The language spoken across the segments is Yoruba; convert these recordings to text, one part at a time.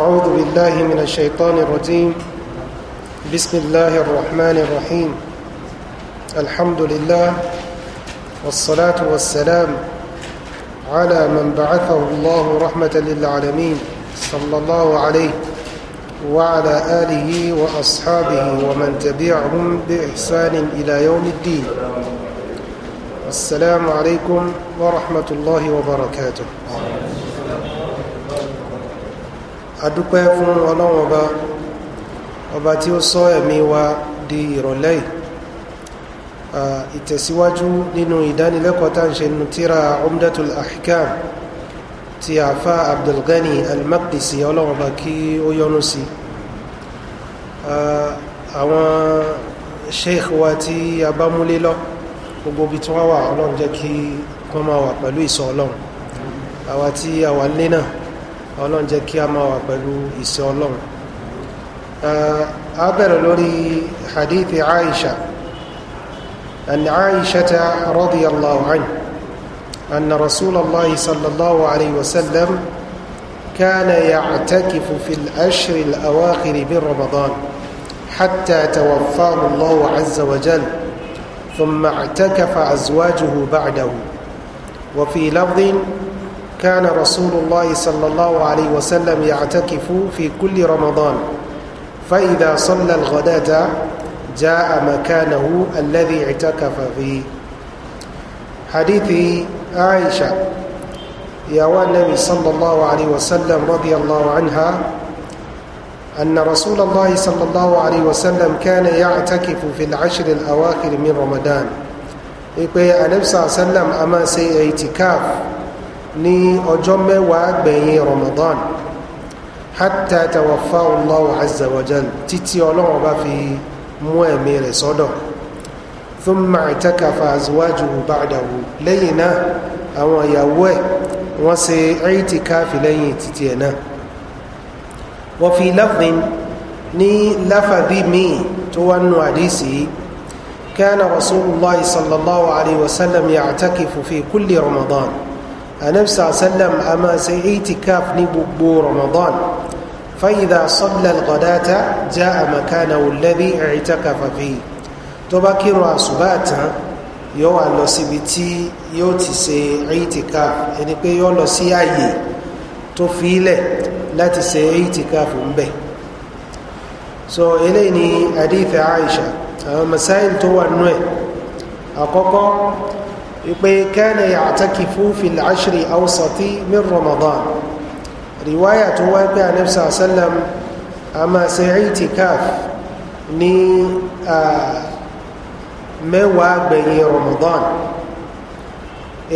أعوذ بالله من الشيطان الرجيم بسم الله الرحمن الرحيم الحمد لله والصلاة والسلام على من بعثه الله رحمة للعالمين صلى الله عليه وعلى آله وأصحابه ومن تبعهم بإحسان إلى يوم الدين السلام عليكم ورحمة الله وبركاته adúpẹ́ fún ọlọ́run ọba ọba tí ó sọ ẹ̀mí wa di ìrọ̀lẹ́ ìtẹ̀síwájú nínú ìdánilẹ́kọ̀ọ́ tá ń ṣe nínú tíra umdatul ahkam ti àfa abdulgani almakdisi ọlọ́run ọba kí ó yọ́nú sí àwọn sheikh wa tí a bá múlé lọ gbogbo ibi tí wọ́n wà ọlọ́run jẹ́ kí wọ́n máa wà pẹ̀lú ìsọ ọlọ́run àwa tí a wà nílé náà ọlọ́run jẹ́ kí a máa wà pẹ̀lú ìṣẹ́ ọlọ́run a bẹ̀rẹ̀ lórí hadithi aisha an aisha ta radiyallahu anhu أن رسول الله صلى الله عليه وسلم كان يعتكف في الأشر الأواخر من رمضان حتى توفاه الله عز وجل ثم اعتكف أزواجه بعده وفي لفظ كان رسول الله صلى الله عليه وسلم يعتكف في كل رمضان فإذا صلى الغداة جاء مكانه الذي اعتكف فيه حديث عائشة يا النبي صلى الله عليه وسلم رضي الله عنها أن رسول الله صلى الله عليه وسلم كان يعتكف في العشر الأواخر من رمضان يقول النبي صلى الله عليه وسلم أما سي ní ọjọ́ mẹ́wàá gbẹ̀yìn ramadan hatta tawafa allahu azza wa jal títí ọlọ́run bá fi mú ẹ̀mí rẹ̀ sọ́dọ̀ thumma i'takafa azwajuhu ba'dahu lẹ́yìn náà àwọn ìyàwó ẹ̀ wọ́n ṣe i'tikafi lẹ́yìn títí ẹ̀ náà wọ́n fi lafdhin ní láfàbí míì tó wá nù àdísì كان رسول الله صلى الله عليه وسلم يعتكف في كل رمضان anabisa sallam a máa ṣe itikaf ní gbogbo ramadan fayida sọlá gọdáta já àmàkánà wùlẹ́bí ìtakafa fi tó bá kírun àṣùbà tán yóò wà lọ síbi tí yóò ti ṣe itikaf ẹni pé yóò lọ sí àyè tó fi ilẹ̀ láti ṣe itikaf ń bẹ̀ so eléyìí ni adífẹ́ aisha àwọn masáyìn tó wà nú ẹ̀ àkọ́kọ́ ipe kana ya'takifu fil ashri awsati min ramadan riwaya tó wá pé anabi sallam a máa ṣe itikaf ní mẹ́wàá gbẹ̀yìn ramadan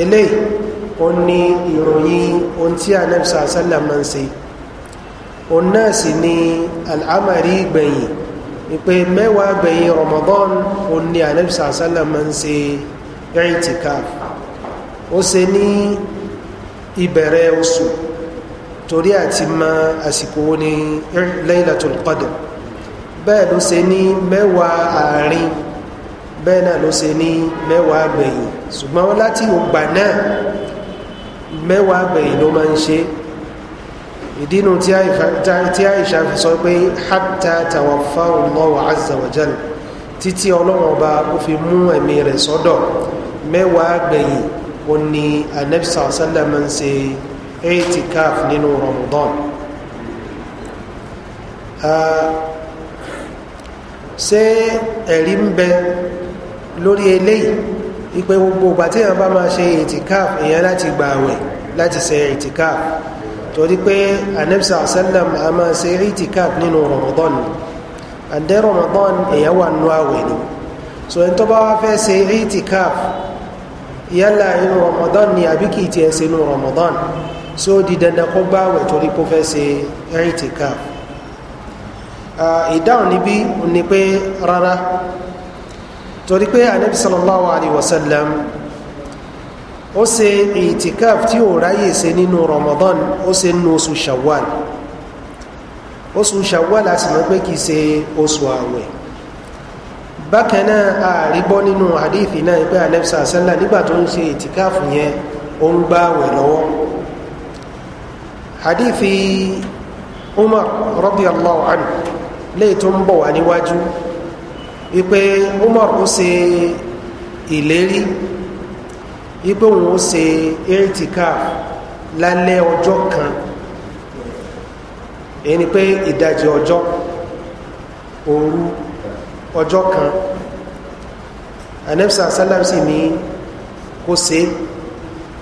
eléyìí ó ní ìròyìn ohun tí anabi sallam máa ń ṣe òun náà sì ni al'amari gbẹ̀yìn ipe mẹ́wàá gbẹ̀yìn ramadan ó ní anabi sallam máa ṣe ẹ̀ǹtìkáf ó ṣe ní ìbẹ̀rẹ̀ oṣù torí àti ma àsìkò wo ni laylatul qadr bẹ́ẹ̀ ló ṣe ní mẹ́wàá àárín bẹ́ẹ̀ náà ló ṣe ní mẹ́wàá gbẹ̀yìn ṣùgbọ́n láti ògbà náà mẹ́wàá gbẹ̀yìn ló máa ń ṣe ìdínú tí àìṣà pé hatta tawaffahu Allahu azza títí ọlọ́wọ́n ọba kó fi mú ẹ̀mí rẹ̀ sọ́dọ̀ mẹ́wàá gbẹ̀yìn ó ní anabisa sálẹ̀mù ń ṣe eighty caf nínú ramadan ṣé ẹ̀rí ń bẹ lórí eléyìí ipe gbogbo ìgbà tí èèyàn bá máa ṣe ìtìkáf èèyàn láti gbà àwẹ̀ láti ṣe ìtìkáf torí pé anabisa sálẹ̀mù máa ṣe ìtìkáf nínú ramadan ni àǹdẹ́ ramadan èèyàn wà so ẹni tó bá wá fẹ́ ṣe itikaf yálà inú ramadan ni àbí kì í tiẹ̀ ṣe ramadan so di dandan kó gbá àwẹ̀ torí kó fẹ́ ṣe itikaf ìdáhùn níbí ni pé rárá torí pé anabi sallallahu alayhi wa sallam ó ṣe itikaf tí ò ráyè ṣe nínú ramadan ó ṣe nínú shawwal. oṣù ṣàwọ́ láti mọ̀ pé kìí ṣe oṣù àwẹ̀ bákan náà nínú àdéhìfì náà pé anẹ́bísà sẹ́lá nígbà tó ń ṣe ìtìkáàfù yẹn o ń gbá lọ́wọ́ umar rọ́bì allahu léè tó ń bọ̀ wá níwájú umar ó ṣe ìlérí wípé òun ó ṣe ìtìkáàfù lálẹ́ ọjọ́ kan èyí ni pé ìdajì ọjọ́ òru ọjọ́ kan anẹ́bísà sálàm sì ní kó ṣe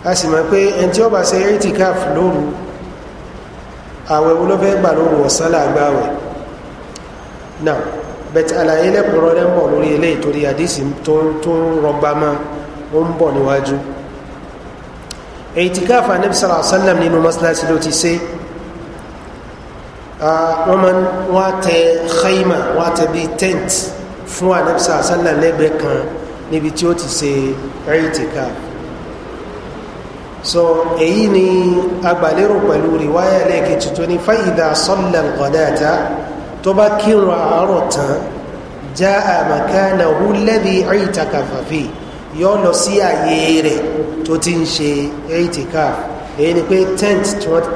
a sì mọ̀ pé ẹni tí ó bá ṣe itikaf lóru àwẹ̀ wo ló fẹ́ gbà lóru ọ̀sán làgbà wẹ̀ náà bẹ̀tẹ̀ àlàyé lẹ́kùnrọ́ rẹ̀ ń bọ̀ lórí ilé ìtorí àdísì tó ń rọgbà mọ́ ó ń bọ̀ níwájú itikaf anẹ́bísà sálàm ló ti ṣe Ah, wọ́n máa wá tẹ xeyma wá tẹ tent fún anabisa asálà lẹ́gbẹ̀ẹ́ kan níbi tí ó ti ṣe ẹ̀yìtìká so èyí ni agbàlérò pẹ̀lú rìwáyà lẹ́ẹ̀kejì tó ní fáyidà sọ́lá gọ̀dáta tó bá kírun àárọ̀ tán já àmàkánà húlẹ́bí ẹ̀yìtìká fàfẹ́ yọ lọ sí àyè rẹ̀ tó ti ń ṣe ẹ̀yìtìká èyí ni pé tent tí wọ́n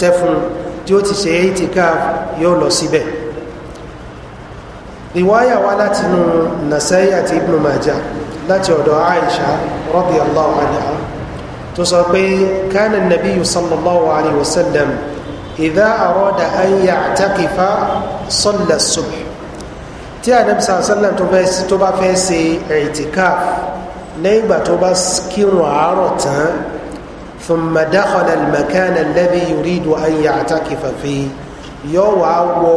tẹ́ fún un tí ó ti ṣe itikaf yóò lọ síbẹ̀ riwaya wa láti nu nasai àti ibnu maja láti ọ̀dọ̀ aisha rọ́bì allahu anha tó sọ pé kánà nàbí sallallahu alayhi wa sallam ìdá àrọ́dà tí anabi sallam tó bá fẹ́ ṣe itikaf lẹ́yìn ìgbà tó bá kírun àárọ̀ tán ثم دخل المكان الذي يريد أن يعتكف فيه yóò wá wọ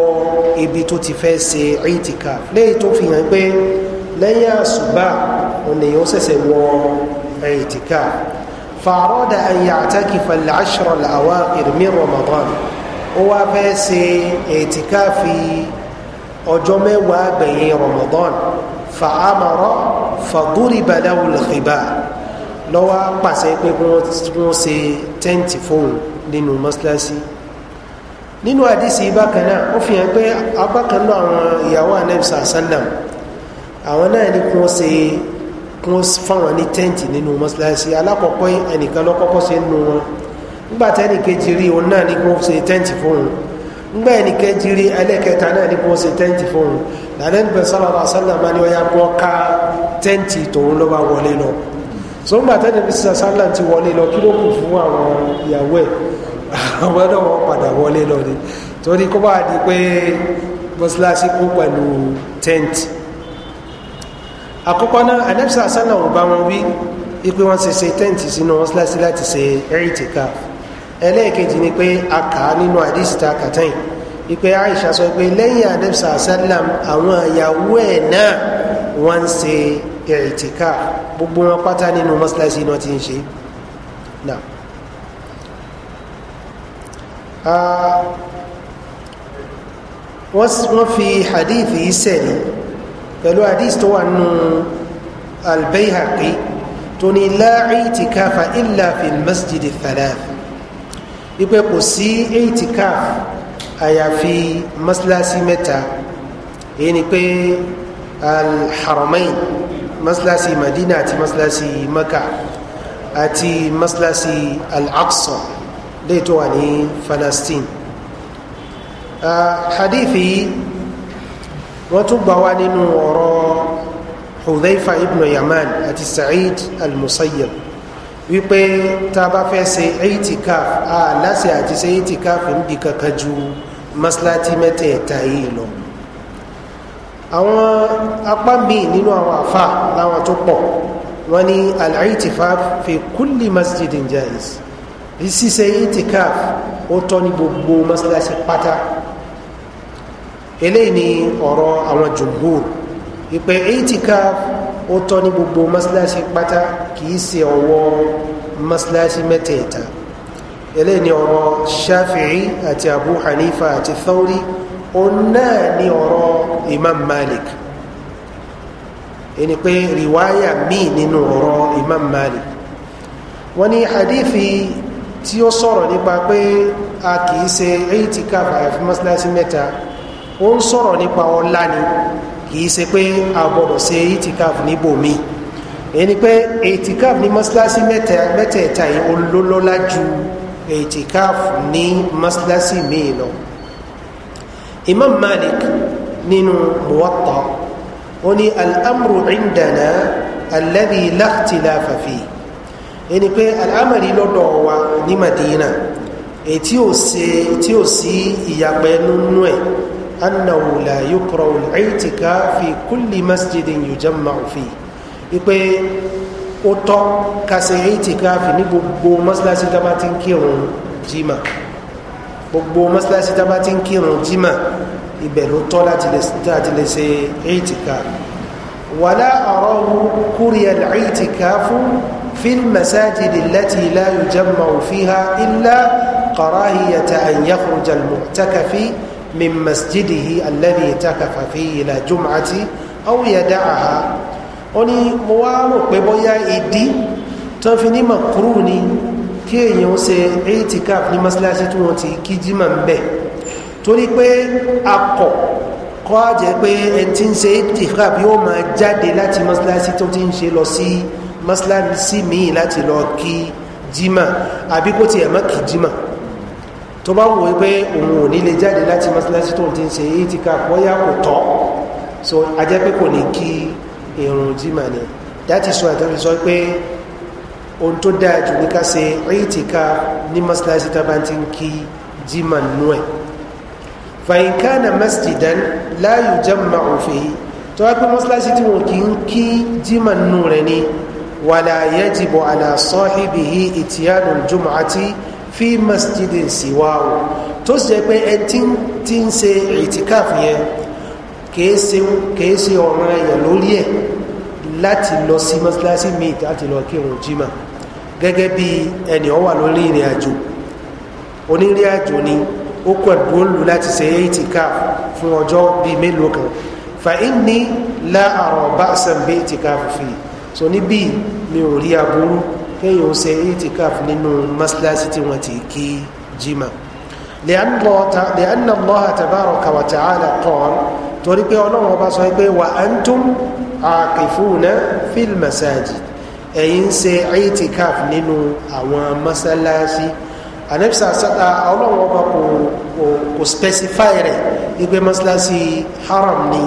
ibi tó ti fẹ́ ṣe itikaf léyìí tó fi hàn pé lẹ́yìn àṣùbà ònìyàn ṣẹ̀ṣẹ̀ wọ itikaf فأراد أن يعتكف العشر الأواخر من رمضان ó wá fẹ́ ṣe itikaf ọjọ́ mẹ́wàá gbẹ̀yìn Ramadan فأمر فضرب له الخباء lọ́wọ́ pàṣẹ pé wọ́n se tẹ́ǹtì nínú mọ́ṣáláṣí nínú àdísì bákan ó fi hàn pé abákan na àwọn ìyàwó anẹ́bísà sálàm àwọn náà ní kí se ṣe fáwọn ní tẹ́ǹtì nínú mọ́ṣáláṣí alákọ̀ọ́kọ́ ẹnìkan lọ́kọ́kọ́ se nínú wọn nígbà tẹ́nì rí òun náà ní tẹ́ǹtì nígbà rí ẹlẹ́kẹta náà ní wọ́n tẹ́ǹtì sọ́nbà tẹ́lẹ̀ bí sàṣálà ti wọlé lọ kí ló kù fún àwọn ìyàwó ẹ̀ àwọn ọ̀dọ́ wọn padà wọlé lọ ni torí kó bá di pé mọ́síláṣí kún pẹ̀lú tent àkọ́kọ́ náà anẹ́bísà sàṣálà ò bá wọn wí ipe wọn ṣe ṣe tent sínú mọ́síláṣí láti ṣe ẹ̀rìtìkà ẹlẹ́ẹ̀kejì ni pé a kà á nínú àdìsíta kàtẹ́yìn ipe aisha sọ pé lẹ́yìn anẹ́bísà sàṣálà àwọn ìyàwó ẹ̀ náà wọ́n ń ṣe ẹ̀ẹ̀tìká gbogbo wọn pátá nínú mọ́síláṣí náà ti ń ṣe náà wọ́n fi hadith yìí sẹ̀lẹ̀ pẹ̀lú hadith tó wà nù albayhaqi tó ní láàrín ìtìkáfà ìlà fi masjid thalath wípé kò sí ìtìkáf àyàfi mọ́síláṣí mẹ́ta èyí ni pé alharamain masilasi madina àti masilasi maka àti masilasi al-aqsa lè tó wà ní palestine hadithi wọ́n tún gbà wá nínú ọ̀rọ̀ hudhaifa ibn yaman àti sa'id al-musayyib wípé ta bá fẹ́ se eitikaf a láti àti se eitikaf ń di kankan ju masilati mẹ́tẹ̀ẹ̀ta yìí lọ àwọn apá míì nínú àwọn àfa láwọn tó pọ̀ wọ́n ní al-i'tikaf fi kulli masjidin jaiz ṣíṣe i'tikaf ó tọ́ ní gbogbo mọ́sálásí pátá eléyìí ni ọ̀rọ̀ àwọn jumhur ìpè i'tikaf ó tọ́ ní gbogbo mọ́sálásí pátá kìí ṣe ọwọ́ mọ́sálásí mẹ́tẹ̀ẹ̀ta eléyìí ni ọ̀rọ̀ shafi'i àti abu hanifa àti thawri òun náà ni ọ̀rọ̀ imam malik ẹni pé riwaya míì nínú ọ̀rọ̀ imam malik wọ́n ní hadithi tí ó sọ̀rọ̀ nípa pé a kìí ṣe eightikaf àyàfi mọ́sálásí mẹ́ta ó ń sọ̀rọ̀ nípa ọlá ni kìí ṣe pé a gbọ́dọ̀ ṣe eightikaf níbòmíì ẹni pé eightikaf ní mọ́sálásí mẹ́tẹ̀ẹ̀ta yìí ó ju eightikaf ní mọ́sálásí míì lọ imam malik nínú muwatta ó ní al'amru indana alladhi la ikhtilafa fi ẹni pé al'amari lọ́dọ̀ wa ní madina ètí ò ṣe tí ò sí ìyàpẹ́ nínú ẹ̀ annahu la yukra al-i'tika fi kulli masjidin yujamma'u fi ipe ó tọ́ kásẹ̀ i'tika fi ní gbogbo masalasi tá a bá ti gbogbo mọ́sálásí tá a bá ti ń kírun jimá ibẹ̀ ló tọ́ láti lè ṣe ìtìká wàlá ọ̀rọ̀ kúrìyà ìtìká fún fílmẹ̀sájìdì láti láyò jẹ́ màúfíhá ilá قراهية أن يخرج المعتكف من مسجده الذي اعتكف فيه إلى جمعة أو يدعها ó ní mo wá rò pé bóyá ìdí tó fi ní màkúrú ni kí èyàn ṣe itikaf ní masilasi tí wọ́n ti kí jímà ń bẹ̀ torí pé akọ̀ kọ́ jẹ́ pé ẹn tí ń ṣe itikaf yóò máa jáde láti masilasi tó ti ń ṣe lọ sí masilasi míì láti lọ kí jímà àbí kó tiẹ̀ má kí jímà tó bá wò pé òun ò ní lè jáde láti masilasi tó ti ń ṣe itikaf bóyá kò tọ́ so ajẹ́ pé kò ní kí irun jímà ni that is why i tell you sọ pé ohun tó dáa jù ní ká ṣe ìtìká ní masalasi tàbá ti ń kí jimá nú ẹ̀ fàyínká na masjidan láàyò jẹ́mà òfin tó wá pé masalasi tí wọn kì í kí jimá nú rẹ̀ ni wàlá yẹjibọ àlàsọ́hìbìhì ìtìyànù jùmọ̀tì fi masjidin siwawo tó sì jẹ́ pé ẹ ti ń ṣe ìtìká fún yẹn kìí ṣe ọ̀ràn ẹ̀yàn lórí ẹ̀ láti lọ sí masalasi míì láti lọ kírun jimá gẹ́gẹ́ bí ẹni ọ wà lórí ìrìn àjò onírìn àjò ni ó kọ̀ dúró lù láti ṣe eighty cap fún ọjọ́ bíi mélòó kan fa inni la àrọ̀ bá sàmbé eighty cap fi so níbí mi ò rí aburú kéèyàn ó ṣe eighty cap nínú mọ́ṣáláṣí tí wọ́n ti kí jimá torí pé ọlọ́run ọba sọ pé wà á ń tún àkìfún náà fílmẹ̀sáàjì ẹ̀yin ṣe itikaf nínú àwọn mọ́sálásí anabisa sata ọlọ́run ọba kò kò specify rẹ̀ igbe mọ́sálásí haram ni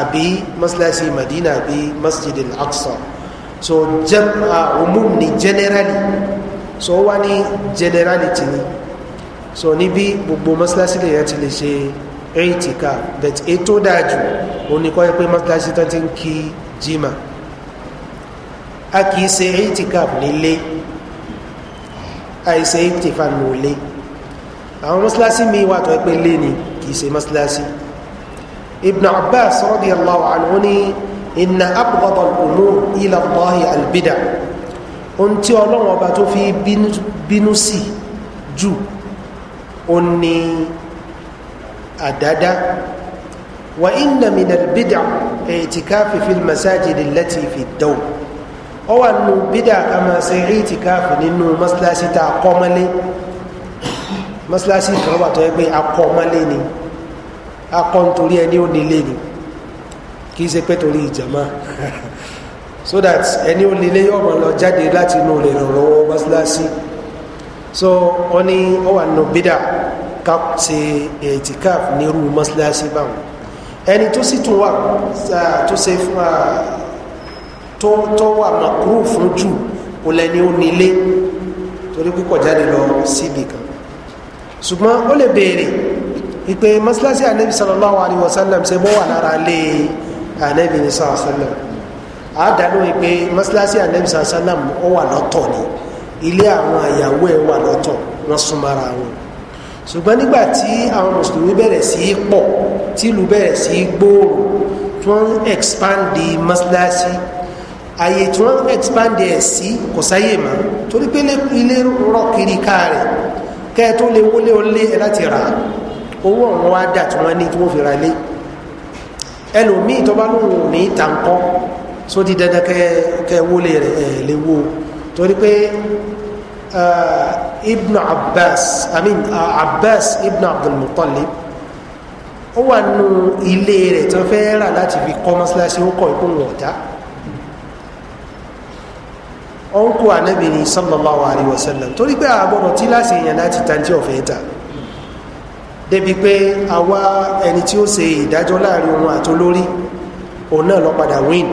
àbí mọ́sálásí madina àbí masjid al-aqsa so jam uh, umum ni generally so wá ní generality ni so níbi gbogbo mọ́sálásí lè yẹn ti lè ṣe itikaf but ètò dáa jù òun ni kọ́ ẹ pé mọ́sálásí tó ti ń kí jimá a kì í ṣe itikaf nílé àìṣe itikaf nílé àwọn mọ́sálásí mi wà tó pé lé ni kì í ṣe mọ́sálásí ibn abbas radiyallahu anhu ni inna abghadha al-umur ila allahi al-bid'ah ohun tí ọlọ́run ọba tó fi bínú sí jù ó ní àdádá wa inna min al-bid'ah i'tikaf fi fi ad ọ wà nù bídà ká máa ṣe ìtìkáàfù nínú mọ́ṣáláṣí tá a kọ́ mọ́lé mọ́ṣáláṣí kan wà tó yẹ ni a nítorí ẹni ó nílé ni kì í ṣe pé torí ìjàmá so that ẹni ó nílé yóò máa lọ jáde láti inú rẹ̀ lọ́wọ́ mọ́ṣáláṣí so ọ ní ọ wà nù bídà ká ṣe ìtìkáàfù nírú mọ́ṣáláṣí báwọn ẹni tó sì tún wà tó ṣe fún wa tó tó wà màkúrú fún jù kò lẹni ó nílé torí púpọ̀ jáde lọ síbi kan ṣùgbọ́n ó lè béèrè ìpè mọ́sálásí ànábì sallallahu alaihi wasallam ṣe bọ́ wà lára lé ànábì ní sallallahu alaihi wasallam àádánù ìpè mọ́sálásí ànábì sallallahu alaihi wasallam ó wà lọ́tọ̀ ni ilé àwọn àyàwó ẹ̀ wà lọ́tọ̀ wọ́n súnmọ́ra wọn ṣùgbọ́n nígbà tí àwọn mùsùlùmí bẹ̀rẹ̀ sí pọ̀ tí ìlú bẹ̀rẹ̀ sí gbòòrò tí wọ́n expand di mọ́sálásí àyè tí wọ́n expand ẹ̀ sí kò sáyè mọ́ torí pé ilé rọ̀ kiri ká rẹ̀ kẹ́ ẹ tó lè wọlé ọlé ẹ láti rà á owó ọ̀run wá dà tí wọ́n ní tí wọ́n fi ra lé ẹlòmíì tó bá lóun ò ní tàǹkọ́ só di dandan kẹ́ ẹ wọlé rẹ̀ lè wo torí pé ibn abbas amin, mean abbas ibn abdulmutalib ó wà nù ilé rẹ̀ tó fẹ́ rà láti fi kọ́ mọ́ṣáláṣí ó kọ́ ìkóhùn ọ̀dá ọ̀nkù ànábì ni sallallahu alaihi wasallam. sallam torí pé àgbọ̀dọ̀ tí láti èèyàn láti ta tí ọ̀fẹ́ ta débi pé àwa ẹni tí ó ṣe ìdájọ́ láàrin òun àti olórí òun náà lọ padà win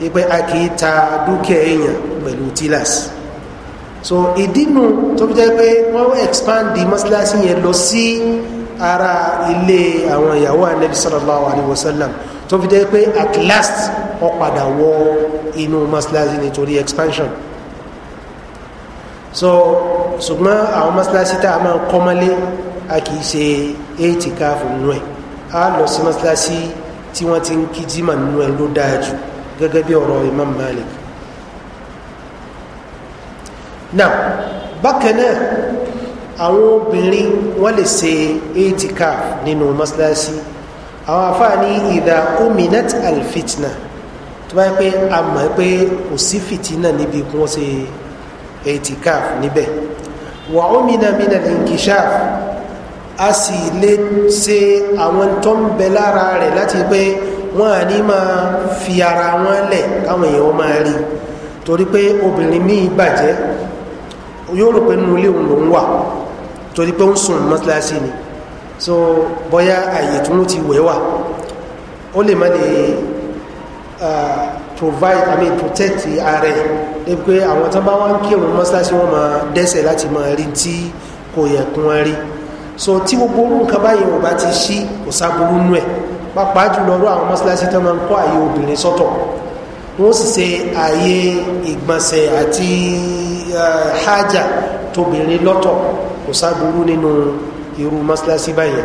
wípé a kì í ta dúkìá èèyàn pẹ̀lú tílàsì so ìdínú tó fi jẹ́ pé wọ́n expand di mọ́síláṣí yẹn lọ sí ara ilé àwọn ìyàwó anabi sallallahu alayhi wa sallam tó fi jẹ́ pé at last wọ́n padà wọ inú mọ́síláṣí nítorí expansion so ṣùgbọ́n àwọn mọ́sálásí tá a máa kọ́mọ́lé a kì í ṣe eight káfù nínú ẹ̀ a lọ sí mọ́sálásí tí wọ́n ti ń kí jimá nínú ẹ̀ ló dáa jù gẹ́gẹ́ bí ọ̀rọ̀ imam malik now bákan náà àwọn obìnrin wọ́n lè ṣe eight káfù nínú mọ́sálásí àwọn afáà ìdá ominat alfitna tó bá yẹ pé a mọ̀ pé kò sí fìtínà níbi kí wọ́n ṣe etikaf níbẹ̀ wà ómìnà mìnà linkishaf a sì lè ṣe àwọn tó ń bẹ lára rẹ̀ láti pé wọ́n à ní máa fi ara wọn lẹ̀ káwọn èèyàn máa rí torí pé obìnrin míì bàjẹ́ yóò rò pé nínú ilé òun lòún wà torí pé ó ń sùn mọ́tíláṣí ni so bọ́yá àyè tí wọ́n ti wẹ̀ wà ó lè má lè provide i mean protect the ààrẹ ẹ pé àwọn tó bá wọn kírun mọ́ṣáláṣí wọn máa dẹ́sẹ̀ láti máa rí tí kò yẹ kí wọ́n rí so tí gbogbo orú nǹkan báyìí wọn bá ti ṣí kò sáburú nú ẹ̀ pàápàá jùlọ ọ̀rọ̀ àwọn mọ́ṣáláṣí tó máa ń kọ́ àyè obìnrin sọ́tọ̀ wọ́n sì ṣe àyè ìgbọ̀nsẹ̀ àti hájà tóbìnrin lọ́tọ̀ kò sáburú nínú irú mọ́ṣáláṣí báyìí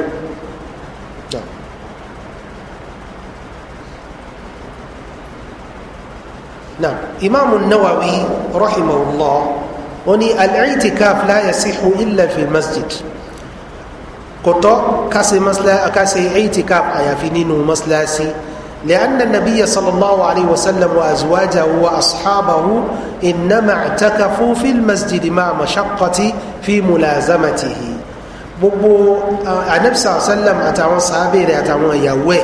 na imaamu nawawi rahimahullah wọn ni al-i'tikaf la yasihu illa fi masjid kòtọ́ kásì kásì i'tikaf àyàfi nínú masilasi لأن النبي صلى الله عليه وسلم وأزواجه وأصحابه إنما اعتكفوا في المسجد مع مشقة في ملازمته gbogbo anabisa sallam àtàwọn sábẹ́rẹ́ àtàwọn ìyàwó ẹ̀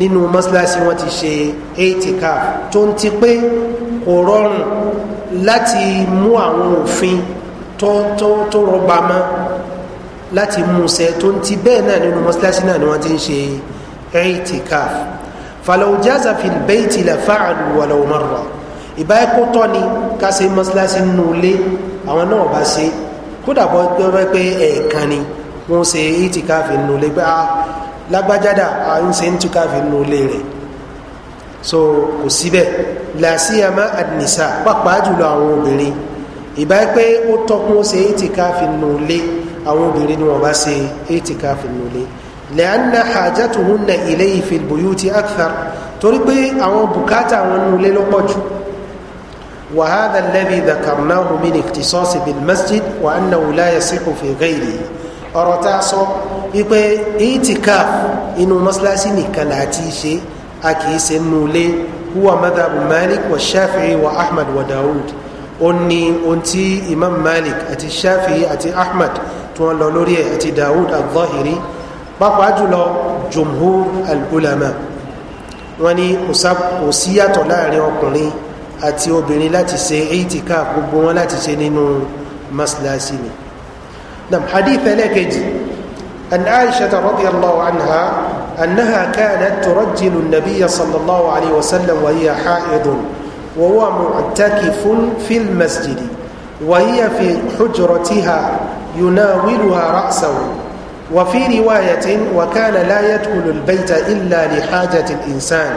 nínú mọ́sálásí wọn ti ṣe eitika tó ń ti pé kò rọrùn láti mú àwọn òfin tó rọgbà mọ́ láti mú tó ń ti bẹ́ẹ̀ náà nínú mọ́sálásí náà ni wọ́n ti ń ṣe eitika falaw jaza fi bayti la fa'alu walaw marra ìbáyé kó tọ́ ni ká ṣe mọ́sálásí nínú ilé àwọn náà bá ṣe kódà bọ́ pé ẹ̀ẹ̀kan ni wọ́n ṣe eitika fi nínú ilé ah, lágbájádà àrùn ṣe ń túká fi nù lé rẹ̀ so kò síbẹ̀ làásìyàmá àdìnísà pàápàá jùlọ àwọn obìnrin ìbá pé ó tọ́kún ó ṣe ètìká fi nù lé àwọn obìnrin ni wọ́n bá ṣe ètìká fi nù lé lẹ́yìnà hajjatuhunna ilé ìfìlbòyú ti akthar torí pé àwọn bùkátà wọn nù lé lọ́pọ̀ jù وهذا الذي ذكرناه من اختصاص بالمسجد وأنه لا يصح في غيره أرتاسو wípé itikaf inú mọ́sálásí nìkan láti ṣe a kì í ṣe nù lé huwa madhabu malik wa shafi'i wa ahmad wa daud ó ní ohun tí imam malik àti shafi'i àti ahmad tí wọ́n lọ lórí ẹ̀ àti daud al-zahiri pàápàá jùlọ jumhur al-ulama wọ́n ní kò síyàtọ̀ láàrin ọkùnrin àti obìnrin láti ṣe itikaf gbogbo wọn láti ṣe nínú mọ́sálásí ni. nam hadith ẹlẹ́kejì. أن عائشة رضي الله عنها أنها كانت ترجل النبي صلى الله عليه وسلم وهي حائض وهو معتكف في المسجد وهي في حجرتها يناولها رأسه وفي رواية وكان لا يدخل البيت إلا لحاجة الإنسان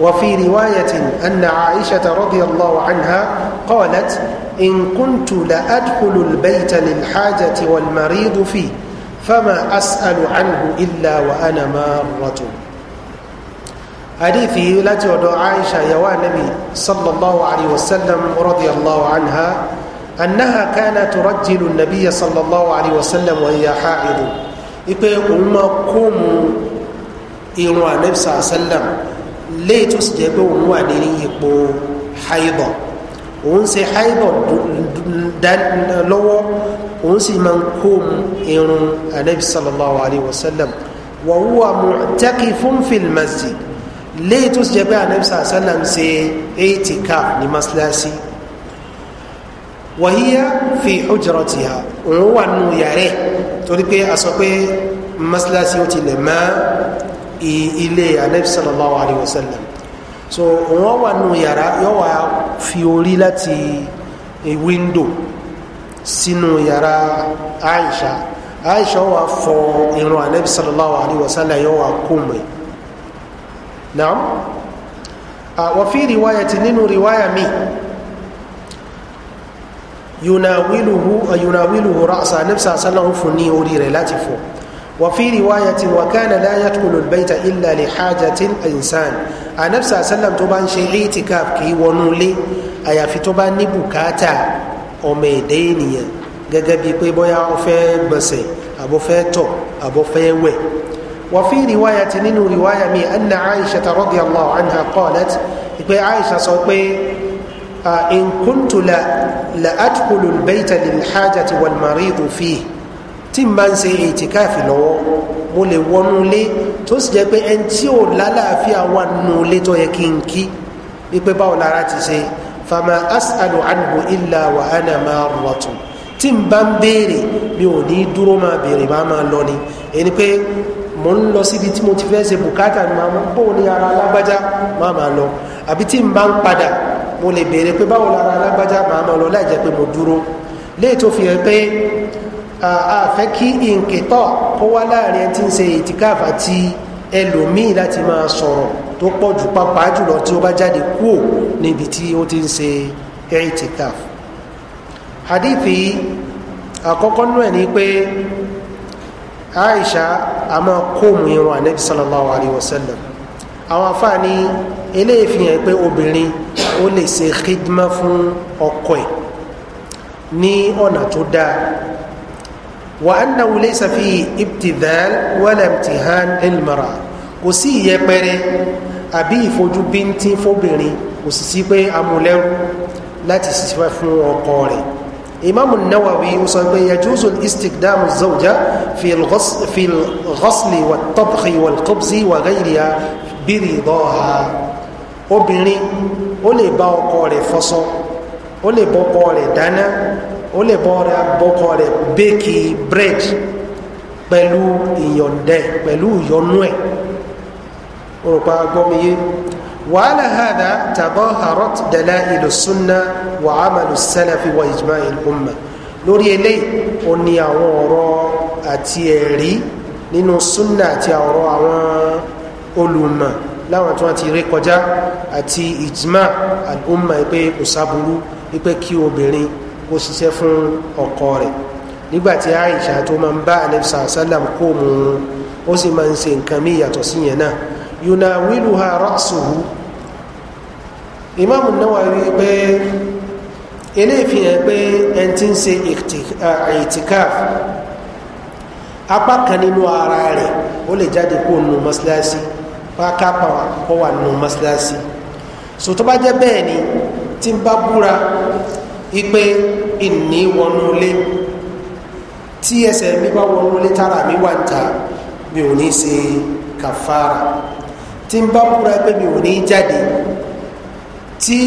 وفي رواية أن عائشة رضي الله عنها قالت إن كنت لأدخل البيت للحاجة والمريض فيه فما أسأل عنه إلا وأنا مارة حديثي لا تعد عائشة يا النبي صلى الله عليه وسلم رضي الله عنها أنها كانت ترجل النبي صلى الله عليه وسلم وهي حائض ipe òun máa kó mu irun anabisa asalam léyìí tó sì jẹ pé òun wà ní ipò haibọ òun ṣe haibọ lọwọ òun sì máa ń kóòm irun anabi sallallahu alayhi wa sallam wa huwa mu'takifun fil masjid léyìí tó sì jẹ́ pé anabi sallallahu alayhi wa sallam ṣe i'tikaf ní masilasi wa hiya fi hujratiha òun wà nù yàrá torí pé a sọ pé masilasi ó ti lè má ilé anabi sallallahu alayhi wa sallam so òun wà nù yàrá yóò wá fi orí láti window sínú yàrá aisha aisha wà fọ irun anabi sallallahu alayhi ah, wa sallam yóò wà kó mọ naam wàfi riwaya ti nínú riwaya mi yunawiluhu yunawiluhu ra'sa anabi sallallahu alayhi wa sallam fún ní orí rẹ láti fọ. وفي رواية وكان لا يدخل البيت إلا لحاجة الإنسان النبي صلى الله عليه وسلم تبان شيء اعتكاف كي ونولي أيا في تبان نبكاتا ọmọ èdè ènìyàn gẹ́gẹ́ bíi pé bóyá ó fẹ́ gbọ̀nsẹ̀ àbó fẹ́ tọ̀ àbó fẹ́ wẹ̀. وفي رواية نينو رواية مي أن عائشة رضي الله عنها قالت إبقى عائشة صوبي إن كنت لا لأدخل البيت للحاجة والمريض فيه tí n bá ń se ètìkáàfì lọ́wọ́ mo lè wọnú ilé tó sì jẹ́ pé ẹni tí ò lálàáfíà wà nínú ilé yẹ kí n báwo lára ti ṣe fama as'alu anhu illa wa ana máa rọ̀tù tí n bá ń béèrè mi ò ní dúró máa béèrè máa máa lọ ni ẹni pé mo ń lọ síbi tí mo ti fẹ́ ṣe bùkátà ni máa bó ní ara alágbájá máa máa lọ àbí tí n bá ń padà mo lè béèrè pé báwo lára alágbájá máa máa lọ láì jẹ́ pé mo dúró léè tó fi hàn pé àfẹ́ kí ìǹkìtọ̀ kó wá láàrin ẹni tí ń ṣe ìtìkáàfà ti ẹlòmíì láti máa sọ̀rọ̀ tó pọ̀ jù pàápàá jùlọ tí ó bá jáde kúò níbi tí ó ti ń ṣe ẹ̀ẹ́tìkáf hadithi àkọ́kọ́ nú ẹ̀ ni pé aisha a máa kóòmù irun anabi sallallahu alayhi wa sallam àwọn afáàní eléyìí fi hàn pé obìnrin ó lè ṣe khidma fún ọkọ ẹ̀ ní ọ̀nà tó dáa wà á náwó lè ṣàfihàn ibtidal wàlámtìhán ilmara kò sí ìyẹpẹrẹ àbí ìfojú bíntín fóbìnrin kò sì sí pé amúlẹ́rú láti ṣiṣẹ́ fún ọkọ rẹ̀ imaamu nawawi ó sọ pé yajuzu istikdamu zawja fi lghasli wa tabxi wa lqubzi wa ghayriha biridaha obìnrin ó lè bá ọkọ rẹ̀ fọṣọ ó lè bọ́kọ rẹ̀ dáná ó lè bọ́kọ rẹ̀ bẹ́ẹ̀kì bírèdì pẹ̀lú ìyọ̀ndẹ̀ pẹ̀lú ìyọnú ẹ̀ òrùpa gbọ́miyé wàhálà hàdà tàbọ̀ harrod dala ìlú sunna wà ámàlù sálàfi wà ìjìmá ìlú umma lórí eléyìí ó ní àwọn ọ̀rọ̀ àti ẹ̀rí nínú sunna àti ọ̀rọ̀ àwọn olùmọ̀ láwọn tí wọ́n ti rí kọjá àti ìjìmá àlùmọ̀ pé kò sábúrú pé kí obìnrin kó ṣiṣẹ́ fún ọkọ rẹ̀ nígbàtí aisha tó máa ń bá anabi sàlám kó mu ó sì máa ń se nǹkan mí yàtọ̀ sí yẹn náà yunawiluha ra'suhu imaamu Nawawi pé eléyìí fi hàn pé ẹni tí ń ṣe ìtìkáf apá kan nínú ara rẹ̀ ó lè jáde kó nu mọ́sálásí pàákà kọ́ wà nu mọ́sálásí sòtọ́ bá jẹ́ bẹ́ẹ̀ ni tí ń bá búra ipe ìní wọnú ilé tí ẹsẹ̀ mi bá wọnú ilé tára mi wà ń ta mi ò ní ṣe kàfàrà tí n bá búra pé mi ò ní jáde tí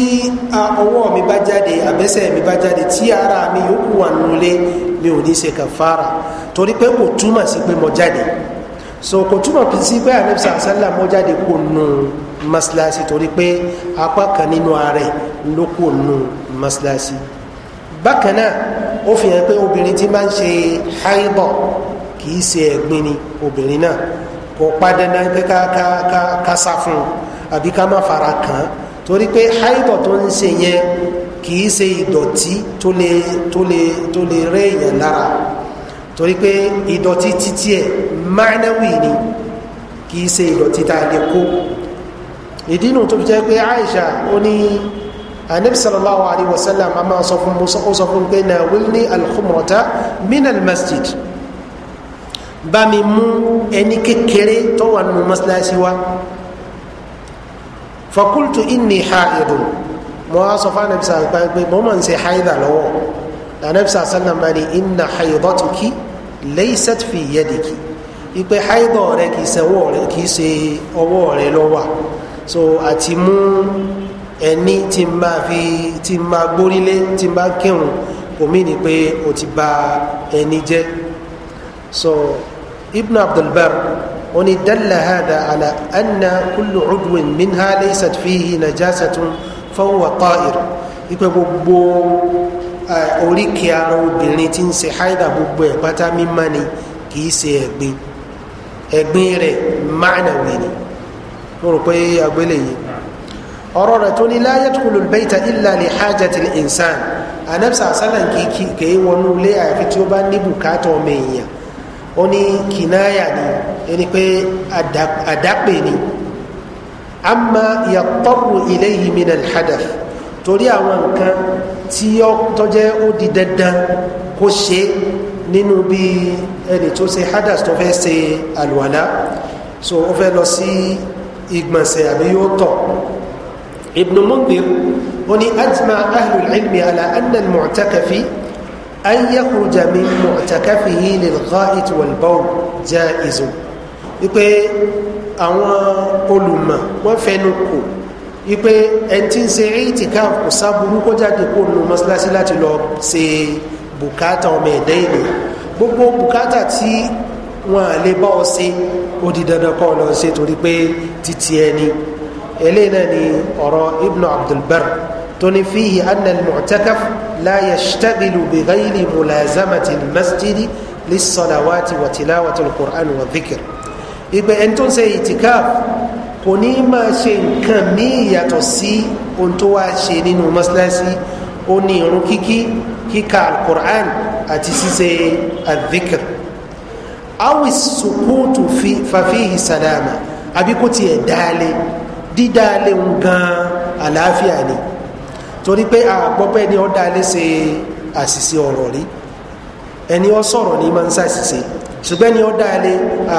ọwọ́ mi bá jáde àbẹ́sẹ̀ mi bá jáde tí ara mi yòókù wà nulẹ̀ mi ò ní ṣe kàfàrà torí pé kò túmọ̀ sí pé mo jáde so kò túmọ̀ sí pé anabisa asálà mo jáde kò nù masilasi torí pé apá kan nínú ààrẹ ló kò nù masilasi bákan náà ó fi hàn pé obìnrin tí máa ń ṣe háìbọ̀ kì í ṣe ẹ̀gbin ni obìnrin náà kò pa dandan pé ká ká ká ká sá fún un àbí ká má fara kàn án torí pé háìtọ̀ tó ń ṣe yẹn kì í ṣe ìdọ̀tí tó lè tó lè tó lè rẹ́ èèyàn lára torí pé ìdọ̀tí títí ẹ̀ mánáwì ni kì í ṣe ìdọ̀tí tá a lè kó ìdínú tó fi jẹ́ pé Aisha ó ní anabi sallallahu a máa sọ fún musa ó sọ fún pé na wilni alkhumrata min masjid bá mi mú ẹni kékeré tó wà nù mọ́sálásí wa fakultu inni haidun mo wá sọ fún anabisa pé mo mọ̀ n ṣe haida lọ́wọ́ anabisa sallam bá ní inna haidatuki laysat fi yadiki ipe haidọ̀ rẹ kì í ṣe ọwọ́ rẹ lọ́wọ́ so àti mú ẹni tí n bá fi tí n bá gbórílé tí n bá kírun kò ni pé o ti bà ẹni jẹ́ so ibn abdulbar oni dalla hada ala anna kullu cudwin minha laysat fihi najasatun fahuwa ta'ir ipe gbogbo eh, oríkèé ara obìnrin tí ń ṣe haida gbogbo ẹ̀ pátá mímá ni kì í ṣe ẹ̀gbin ẹ̀gbin rẹ̀ máàna wì ni mo rò pé agbélé yìí ọ̀rọ̀ rẹ̀ tó ní láyé tukùlù bẹ́ẹ̀ta ìlà lè hajj ti ìnsán anabsa asálà kìí wọnú ilé àyàfi tí ó bá ní bùkátà ọmọ èèyàn ó ní kìnnáyà ni ẹni pé àdápè ni ama yàtọ̀rù ilé yìí mi nàl hadaf torí àwọn nǹkan tí ó tọ́jẹ́ ó di dandan kó ṣe nínú bí ẹni tó ṣe hadas tó fẹ́ ṣe àlùwàlá so ó fẹ́ lọ sí ìgbọ̀nsẹ̀ àbí yóò tọ̀ ibnu mundir ó ní ajma ahlul ilmi ala anna mutakafi an yakhruj min mu'takafihi lil gha'it wal bawl jaiz wípé àwọn olùmọ̀ wọ́n fẹnu kò wípé ẹni tí ń ṣe i'tikaf kò sáburú kó jáde kó nu mọ́sálásí láti lọ ṣe bùkátà ọmọ ẹ̀dá ènìyàn gbogbo bùkátà tí wọn à lè bá ọ ṣe ó di dandan kọ́ lọ ṣe torí pé títí ẹni eléyìí náà ni ọ̀rọ̀ ibnu abdulbar tóní fíhì anal mu'takaf láyà ṣtàgìlù bí gáìlì mùlázàmàtì masjidi lissalawati wa tilawati alquran wa dhikr ìgbẹ́ ẹni tó ń ṣe ìtìkáf kò ní máa ṣe nǹkan míì yàtọ̀ sí ohun tó wá ṣe nínú mọ́ṣáláṣí ó irun kíkí kíka alquran àti ṣíṣe adhikr awi sukutu fafihi salama àbí kò tiẹ̀ dáálé dídáálé ń gan àlàáfíà ni torí pé àgbọ́pẹ́ ni ọ́ dá ilé ṣe àṣìṣe ọ̀rọ̀ rí ẹni ọ́ sọ̀rọ̀ ní máa ń ṣàṣìṣe ṣùgbọ́n ni ọ́ dá ilé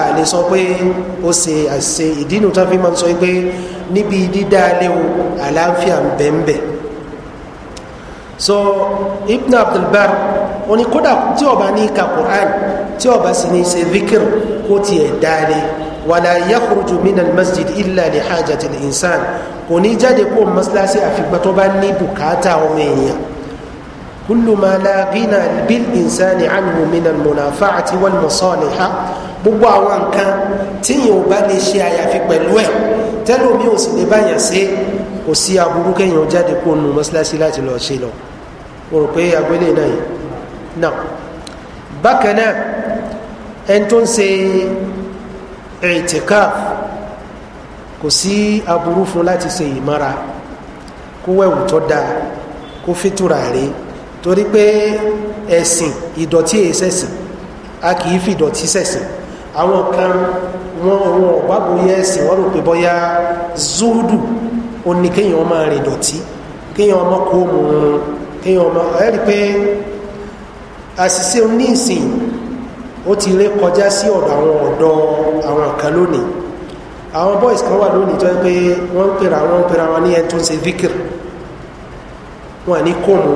àlè sọ pé ó ṣe àṣìṣe ìdínú tó fi máa ń sọ pé níbi dídá ilé o àlàáfíà ń bẹ̀ ń bẹ̀ so ibn abdulbar ó ní kódà tí ọba ní ka quran tí ọba sì ní ṣe vikir kó tiẹ̀ dá ilé wàlá yakhruju minal masjid illa li hajati l'insan kò ní jáde kó mọ́sálásí àfìgbà tó bá ní bùkátà ọmọ èèyàn kullu ma la ghina bil insani anhu minal munafa'ati wal masaliha gbogbo àwọn nǹkan tíyìn ò bá lè ṣe àyàfi pẹ̀lú ẹ̀ tẹ́lẹ̀ omi ò sì lè báyàn ṣe kò sí aburú kẹ́yìn jáde kó nu mọ́sálásí láti lọ ṣe lọ mo rò pé agbélé náà yìí náà bákan náà ẹni tó ń ṣe ẹ̀tìkáf kò sí aburú fún láti ṣe ìmọ́ra kó wẹ̀wù tọ́ dáa kó fìtura rè torí pé ẹ̀sìn ìdọ̀tí èsẹ̀sìn a kìí í fi ìdọ̀tí sẹ̀sìn àwọn kan wọn wọn ọba bóyá ẹ̀sìn wọn rò pé bóyá zúdù ó ní kéèyàn máa rìn dọ̀tí kéèyàn máa kó mu kéèyàn máa ẹ̀rí pé àṣìṣe oníṣìn ó ti lé kọjá sí ọ̀dọ̀ àwọn ọ̀dọ́ àwọn kan lónìí àwọn boys kan wà lónìí tó yẹ pé wọ́n ń pera wọ́n ń pera wọn ní ẹni tó ń ṣe vikir wọn ní kóòmù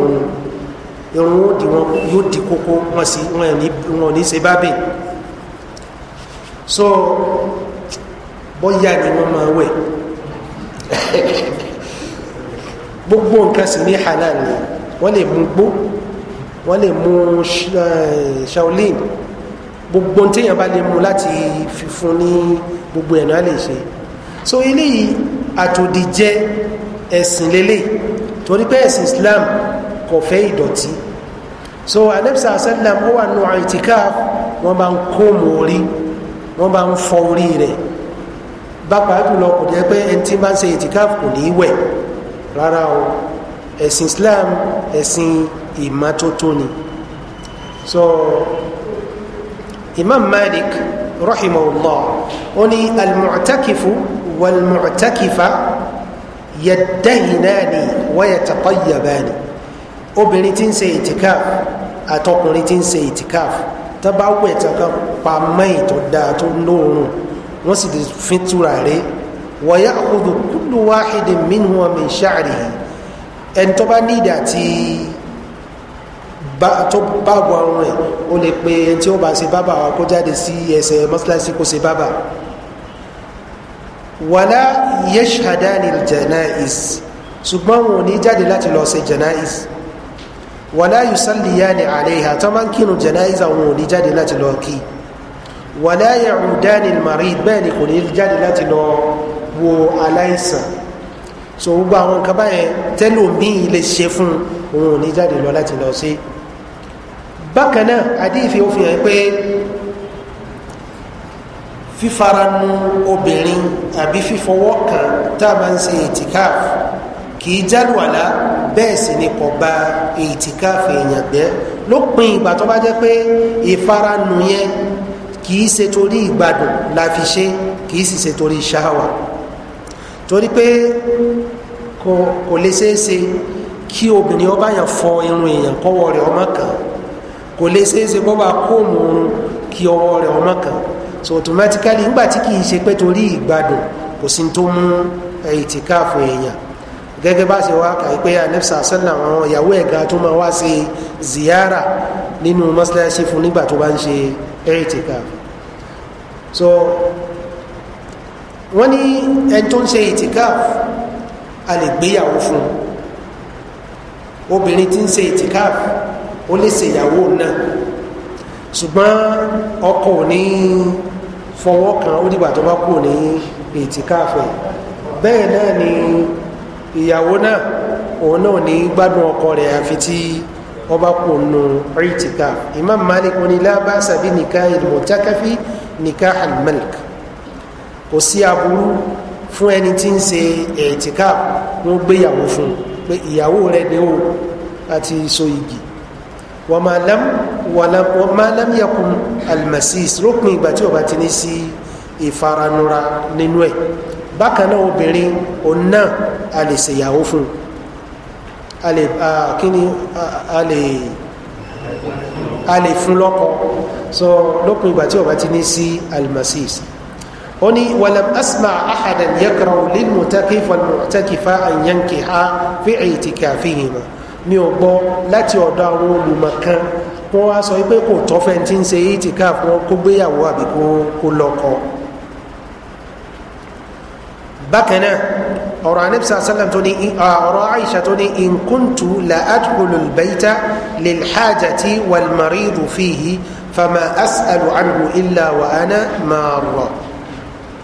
irun ó di wọn yóò di kókó wọn sì wọn ní wọn ní ṣe bábì so bóyá ni wọ́n máa wẹ̀ gbogbo nǹkan sì ní halal ni wọ́n lè mú gbó wọ́n lè mú eh, shaolin. Uh, gbogbo téèyàn bá lè mú láti fi fún ní gbogbo ẹ̀nà lè ṣe so eléyìí àtòdìjẹ ẹ̀sìn lélẹ̀ torí pé ẹ̀sìn islam kò fẹ́ ìdọ̀tí so anabisa asalam ó wà nù àìtíká wọn bá ń kó mọ orí wọn bá ń fọ orí rẹ bápá jùlọ kò jẹ pé ẹni tí bá ń ṣe ìtíká kò ní wẹ rárá o ẹ̀sìn islam ẹ̀sìn ìmọ́tótó ni so imam malik rahimahullah ó ní almu'takifu walmu'takifa yadahinani wayataqayyabani obìnrin tí ń ṣe ìtìkáf àtọkùnrin tí ń ṣe ìtìkáf tó bá wẹ̀ tó kàn pa mẹ́yìn tó dáa tó lóorun wọ́n sì fi túra rẹ̀ wọ̀yá àkójọ kúlù wáhídì mínú ọmọ ìṣáàrì ẹni tó bá nídà tí tó báàbò àrùn rẹ̀ ó lè pe ẹni tí ó bá ṣe bábà wa kó jáde sí ẹsẹ̀ mọ́sálásí kó ṣe bábà wàlá yẹ́ṣàdánì jẹ̀náìs ṣùgbọ́n wọn ò ní jáde láti lọ ṣe jẹ̀náìs wàlá yusaliyani àlẹ́hà tó máa ń kírun jẹ̀náìs àwọn ò ní jáde láti lọ kí wàlá yẹ̀rùdánì mari bẹ́ẹ̀ ni kò ní jáde láti lọ wo aláìsàn so gbogbo àwọn nǹkan báyẹn tẹ́lòmíì lè ṣe fún òun ò ní jáde lọ láti lọ ṣe bákan náà àdífi ó fi hàn pé fífaranu obìnrin àbí fífọwọ́ kan tá a máa ń ṣe ìtìkáf kì í jálùwàlá bẹ́ẹ̀ sì ni kò ba ìtìkáf èèyàn gbẹ́ lópin ìgbà tó bá jẹ́ pé ìfaranu yẹn kì í ṣe torí ìgbádùn la fi ṣe kì í sì ṣe torí ṣáwà torí pé kò lè ṣeé ṣe kí obìnrin ọba yẹn fọ irun èèyàn kọ́wọ́ rẹ̀ ọmọ kan kò lè ṣeé ṣe bọ́ bá kóòmù oorun kí ọwọ́ rẹ̀ ọmọ kan so automatically nígbà tí kìí ṣe pé torí ìgbádùn kò sí tó mú ìtìkáàfù èèyàn gẹ́gẹ́ bá ṣe wá kàí pé anẹ́fisà sẹ́lẹ̀ àwọn ìyàwó ẹ̀ga tó máa wá ṣe ziyara nínú mọ́ṣáláṣí fún nígbà tó bá ń ṣe ìtìkáàfù so wọ́n ní ẹni tó ń ṣe ìtìkáàfù a lè gbéyàwó fún obìnrin tí ń ṣe ìtìkáàfù ó lè ṣe ìyàwó náà ṣùgbọ́n ọkọ ò ní fọwọ́ kan ó dìgbà tó bá kú ní ètìkáàfẹ́ bẹ́ẹ̀ náà ni ìyàwó náà òun náà ní gbádùn ọkọ rẹ̀ àfi tí ọba kú nù ètìkáàf imam malik ní lábá sàbí nìka ìdìmọ̀tàkàfí nìka almalik kò sí aburú fún ẹni tí ń ṣe ètìkáàf wọn gbéyàwó fún pé ìyàwó rẹ̀ ni ó àti so igi wàmà lam wàmà lam yakun almasis lópin ìgbà tí o bá ti ní sí ìfaranura nínú ẹ bákan náà obìnrin òun a lè ṣèyàwó fún a lè fún lọ́kọ so lópin ìgbà tí o bá ti ní sí almasis ó ní wàlám asma ahadan yakraw lil mutakifa al mutakifa an yankiha fi ìtìkàfihima mi ò gbọ́ láti ọ̀dọ̀ àwọn olùmọ̀kan wọ́n wá sọ pé kò tọ́fẹ́ tí ń ṣe itikaf wọn kó gbéyàwó àbí kó lọ́kọ bákan náà ọ̀rọ̀ anibisa sallam tó ní ọ̀rọ̀ aisha tó ní nkuntu la adkulu albayta lilhajati walmaridu fama as'alu anhu illa wa ana maara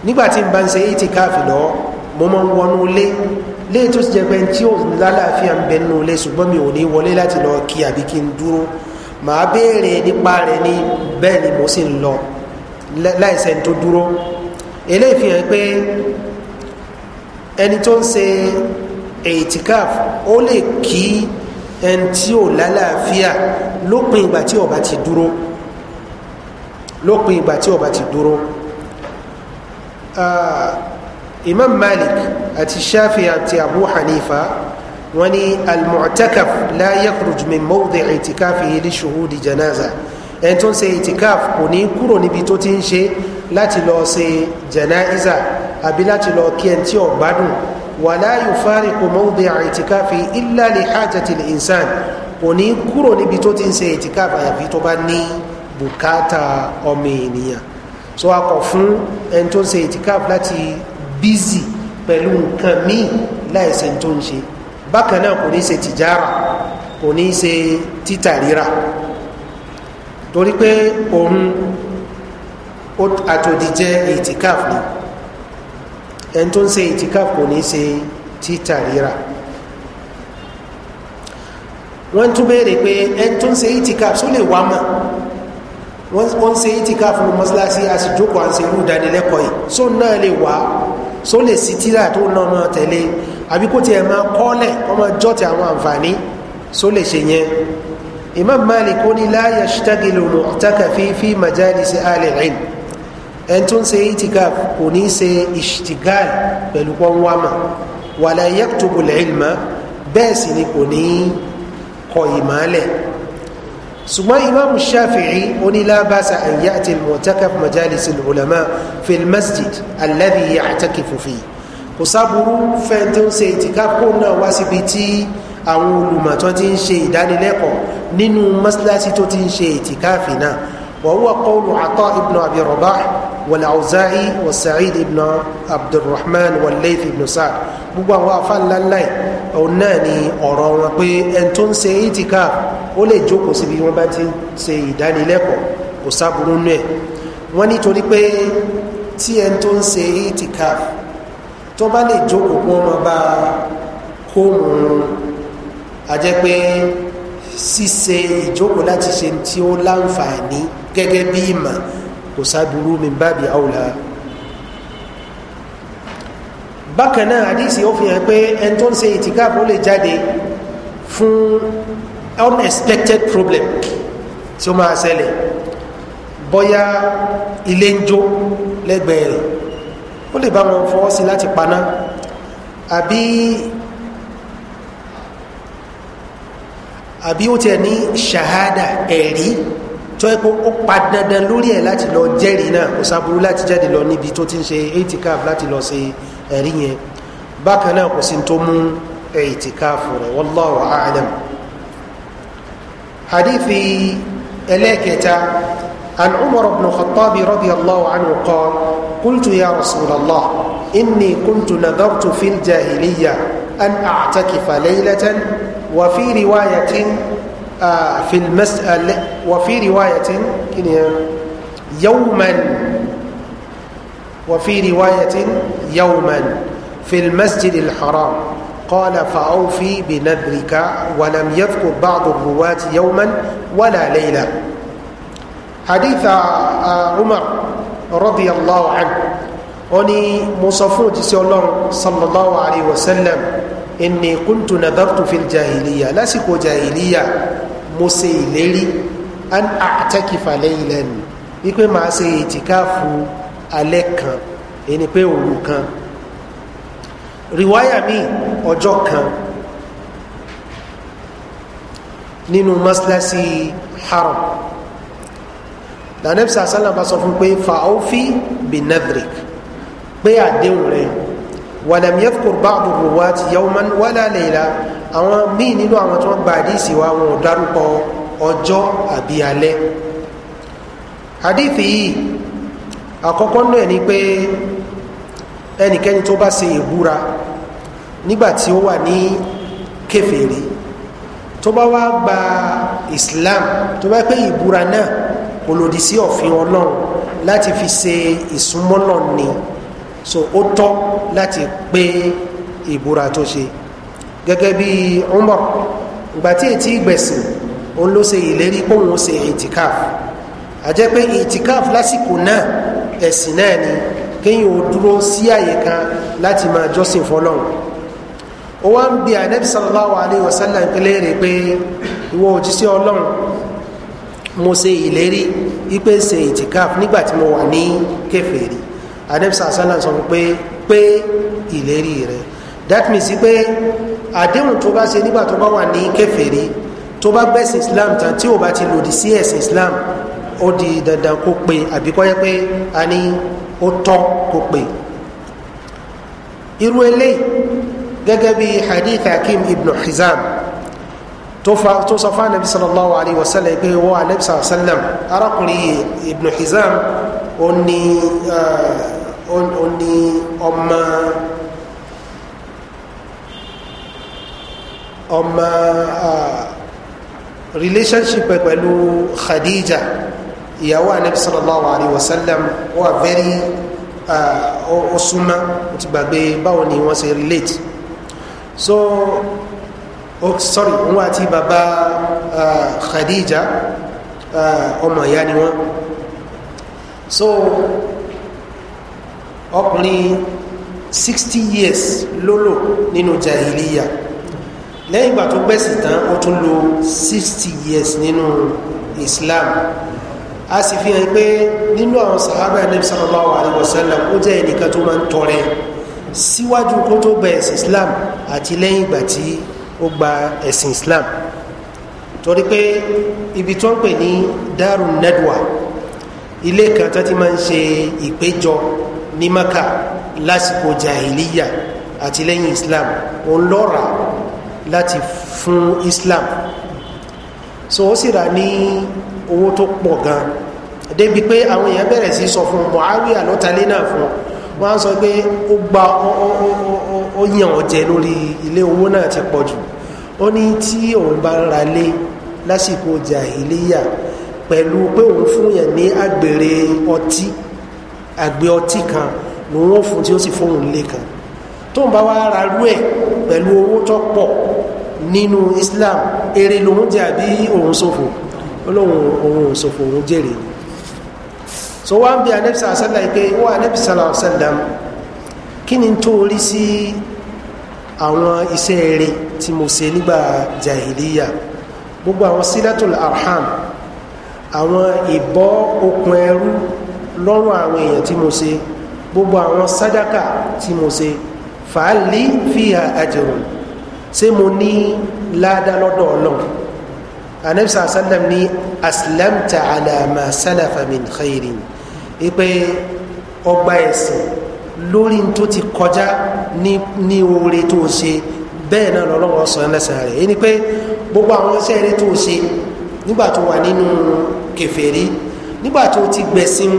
nígbà tí n bá ń ṣe itikaf lọ́wọ́ mo máa ń wọnú ilé lé tó sì jẹ́ pé tí ò lálàáfíà ń bẹ ilé ṣùgbọ́n mi ò ní wọlé láti lọ kí àbí kí n dúró màá béèrè nípa rẹ̀ ní bẹ́ẹ̀ ni mo sì ń lọ láìsẹ̀ tó dúró eléyìí fi hàn pé ẹni tó ń ṣe ètìkáf ó lè kí ẹni tí ò lálàáfíà lópin ìgbà tí ọba ti dúró lópin ìgbà tí ọba ti dúró imam malik àti shafi àti abu hanifa wọ́n ní almu'takaf la yakhruj min mawdi'i itikafihi li shuhudi janaza ẹni tó ń ṣe itikaf kò ní kúrò níbi tó ti ń ṣe láti lọ ṣe janaiza àbí láti lọ kí ẹni tí ò gbádùn wàlá yufariqu mawdi'a itikafihi illa li hajati al-insan kò ní kúrò níbi tó ti ń ṣe itikaf àyàfi tó bá ní bùkátà ọmọ ènìyàn so a kọ̀ fún ẹni tó ń itikaf láti bízì pẹ̀lú nǹkan míì láìsẹ̀ tó ń ṣe bákan náà kò ní ṣe tìjára kò ní ṣe títà ríra torí pé òun àtòdìjẹ ìtìkáf ni ẹni tó ń ṣe ìtìkáf kò ní ṣe títà ríra wọ́n tún béèrè pé ẹni tó ń ṣe itikaf só lè wá mọ̀ wọ́n ń ṣe itikaf fún mọ́sálásí a sì ìdánilẹ́kọ̀ọ́ yìí só náà lè wá só lè sí tíra tó ná ọmọ tẹ̀lé àbí kó tiẹ̀ máa kọ́lẹ̀ kó máa jọ́tẹ̀ àwọn àǹfààní só lè ṣe yẹn imam malik ó ní láyà ṣítágìlì mọ̀tàkà fífi majalisi alẹ́ rìn ẹni tó ń itikaf kò ní ṣe ìṣtìgáì pẹ̀lú pọ́n wámà wàlàyé tó bùlẹ̀ ìlmà bẹ́ẹ̀ ni kò ní kọ ṣùgbọ́n imam shafi'i onílábàṣà àyà àti mọ̀tẹ́kàf majalis ulama fi masjid alladhi ya'takifu fi kò sábúrú fẹ́ẹ́ tó ń ṣe ìtìkáf kó náà wá síbi tí àwọn olùmọ̀tọ́ ti ń ṣe ìdánilẹ́kọ̀ọ́ nínú mọ́síláṣí tó ti ń ṣe ìtìkáàfì náà wọ́n wọ́n kọ́ọ̀lù àtọ́ ibn abi rabah wal auza'i sa'id ibn abdulrahman wal layth ibn sa'd gbogbo àwọn afáńláńlá ẹ̀ òun náà ni ọ̀rọ̀ wọn pé ẹni tó ń ṣe ìtìkáàfì ó lè jókòó síbi wọ́n bá ti ṣe ìdánilẹ́kọ̀ọ́ kò sáburú nú ẹ̀ wọ́n nítorí pé tí ẹni tó ń ṣe itikaf tó bá lè jókòó kó wọn bá kó òun àjẹ́ pé ṣíṣe ìjókòó láti ṣe tí ó láǹfààní gẹ́gẹ́ bí ìmọ̀ kò sáburú mi bábi àwòlá bákan náà ó fi hàn pé ẹni tó ń ṣe itikaf fún unexpected problem tí ó máa ṣẹlẹ̀ bọ́yá ilé ń jó lẹ́gbẹ̀ẹ́ rẹ̀ ó lè bá wọn fọwọ́ sí láti paná àbí àbí ó tiẹ̀ ní ṣahada ẹ̀rí tó ẹ kó ó pa dandan lórí ẹ̀ láti lọ jẹ́rìí náà kò sábúrú láti jáde lọ níbi tó ti ń ṣe eightikaf láti lọ ṣe ẹ̀rí yẹn bákan náà kò sí tó mú eightikaf rẹ̀ wallahu a'lam. حديث الاكتا عن عمر بن الخطاب رضي الله عنه قال قلت يا رسول الله إني كنت نذرت في الجاهلية أن أعتكف ليلة وفي رواية آه، في المسأل وفي رواية يوما وفي رواية يوما في المسجد الحرام قال فأوفي بنذرك ولم يذكر بعض الرواة يوما ولا ليلة حديث عمر رضي الله عنه أني مصفون جسي الله صلى الله عليه وسلم إني كنت نذرت في الجاهلية لا سكو جاهلية مسيلري أن أعتكف ليلا يكوي ما سيتكاف عليك إني بيولو كان riwaya mi ọjọ́ kan nínú masilasi haram lànàbí sàṣàlà bá sọ fún pé fàáfì binadrik pé àdéhùn rẹ wàlàm yẹfukùr báàbù rúwà ti yẹwùmán wàlà lẹ́yìnlá àwọn míì nínú àwọn tí wọ́n gba àdíìsì wa wọn ò dárúkọ ọjọ́ àbí alẹ́ àdíìsì yìí àkọ́kọ́ náà ni pé ẹnikẹ́ni tó bá se ìbúra nígbàtí ó wà ní kẹfẹ́rẹ́ tó bá wá gba islam tó bá pé ìbúra náà kò lòdì sí òfin ọlọ́run láti fi se ìsúnmọ́lọ̀ ni so ó tọ́ láti pé ìbúra tó ṣe gẹ́gẹ́ bí umar gbàtí ètí ìgbẹ̀sìn òun ló se ìlérí kó òun se ìtìkáf àjẹ́ pé ìtìkáf lásìkò náà ẹ̀sìn náà ni kéèyàn ó dúró sí àyè kan láti máa jọ́sìn fọlọ́run ó wá ń bi ànábì sallallahu alayhi wa sallam pélé rè pé ìwọ òjíṣẹ́ ọlọ́run mo ṣe ìlérí ipe ṣe ìtìkáf nígbà tí mo wà ní kẹfẹ́rì ànábì sallallahu alayhi sọ pé pé ìlérí rẹ̀ that means pé àdéhùn tó bá ṣe nígbà tó bá wà ní kẹfẹ́rẹ́ tó bá gbẹ̀sìn islam tán tí ò bá ti lòdì sí ẹ̀sìn islam ó di dandan kó pe àbí pé a ní ó tọ́ kó pè irú eléyìí gẹ́gẹ́ bí hadith hakim ibn hizam tó sọ fún anabi sallallahu alayhi wa sallam pé wọ́n anabi sallallahu alayhi wa sallam arákùnrin ibn hizam ó ní ọmọ ọmọ ah, relationship pẹ̀lú khadija ìyàwó anabi sallallahu alayhi wa sallam wà very uh, ó súnmọ́ ó ti gbàgbé báwo ni wọ́n ṣe relate so oh, sorry òun àti bàbá uh, khadija uh, ọmọ ìyá ni wọ́n so ọkùnrin sixty years ló lò nínú jahiliya lẹ́yìn ìgbà tó gbẹ̀sì tán ó tún lo sixty years nínú islam a sì fi hàn pé nínú àwọn sàhábà anabi sallallahu alayhi wa sallam ó jẹ́ ẹnìkan tó máa ń tọrẹ síwájú kó tó gba ẹ̀sìn islam àti lẹ́yìn ìgbà tí ó gba ẹ̀sìn islam torí pé ibi tó ń pè ní darun nadwa ilé kan tó ti máa ń ṣe ìpéjọ ní maka lásìkò jahiliya àti lẹ́yìn islam òun lọ́ra láti fún islam so ó sì rà ní owó tó pọ̀ gan débi pé àwọn èèyàn bẹ̀rẹ̀ sí sọ fún muhawi alọ́talé náà fún wọn á sọ pé ó gba ó yàn ọ́ jẹ lórí ilé owó náà ti pọ̀ jù ó ní tí òun bá ń ra lé lásìkò jàhìlíyà pẹ̀lú pé òun fún yẹn ní agbèrè ọtí àgbẹ̀ ọtí kan lòun ó fún tí ó sì fóun lé kan tó ń bá wá ra rú ẹ̀ pẹ̀lú owó tó pọ̀ nínú islam èrè lòun jẹ àbí òun ṣòfò. So olóhùn ohun òṣòfò òun jèrè ni so wá ń bí anẹ́bísà àṣẹ́lá pé ó wà anẹ́bísà àṣẹ́lá kí ni tó rí sí àwọn iṣẹ́ eré tí mo ṣe nígbà jahiliya gbogbo àwọn sílẹ̀tùl arham àwọn ìbọ́ okùn ẹrú lọ́rùn àwọn èèyàn tí mo ṣe gbogbo àwọn sádàkà tí mo ṣe fàálì fìhà àjẹrùn ṣé mo ní ládàá lọ́dọ̀ ọlọ́run anabi sàlá sàlám ní aslamta alama salafa min khayrin ipe ọgbà ẹ̀sìn lórí tó ti kọjá ní ní oore tó ṣe bẹ́ẹ̀ náà lọ́lọ́wọ́ sọ ẹlẹ́sìn rẹ̀ èyí ni pé gbogbo àwọn iṣẹ́ eré tó ṣe nígbà tó wà nínú kẹfẹ́rí nígbà tó ti gbẹ̀sìn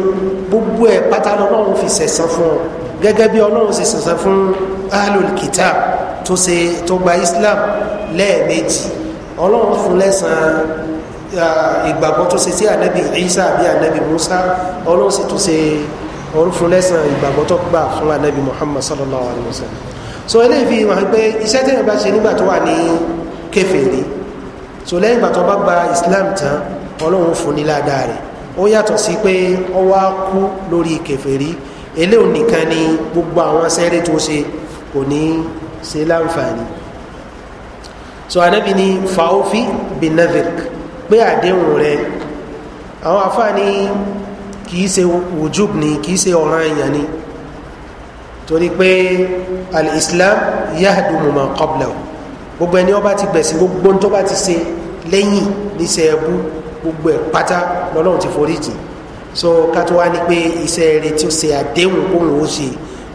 gbogbo ẹ̀ pátá lọ́lọ́run fi sẹ̀sán fún ọ gẹ́gẹ́ bí ọlọ́run ṣe fún ahlul kitab tó ṣe tó gba islam lẹ́ẹ̀mejì ọlọ́run fún lẹ́sàn-án ìgbàgbọ́ tó ṣe sí ànẹ́bì isa àbí ànẹ́bì musa ọlọ́run sì tún ṣe ọrún fún lẹ́sàn ìgbàgbọ́ tó gbà fún ànẹ́bì muhammad sallallahu alaihi wa sallam so eléyìí fi hàn pé iṣẹ́ tẹ̀yìn bá ṣe nígbà tó wà ní kẹfẹ́rí so lẹ́yìn ìgbà tó bá gba islam tán ọlọ́run fún ní ládàá rẹ̀ ó yàtọ̀ sí pé ọ wá kú lórí kẹfẹ́rí eléyìí nìkan ni gbogbo àwọn sẹ́rẹ́ tó ṣe kò ní ṣe láǹfààní so anabi ni faofi binavirik pé àdéhùn rẹ àwọn afáàní kìí ṣe wujub ni kìí ṣe ọ̀ràn èèyàn ni torí pé alislam yahdumu ma qablahu gbogbo ẹni ọba ti gbẹ̀sìn gbogbo tó bá ti ṣe lẹ́yìn níṣẹ́ ẹbú gbogbo ẹ̀ pátá lọ́lọ́run ti forí jì so kátó wá ní pé iṣẹ́ rẹ tí ó ṣe àdéhùn kóhùn ó ṣe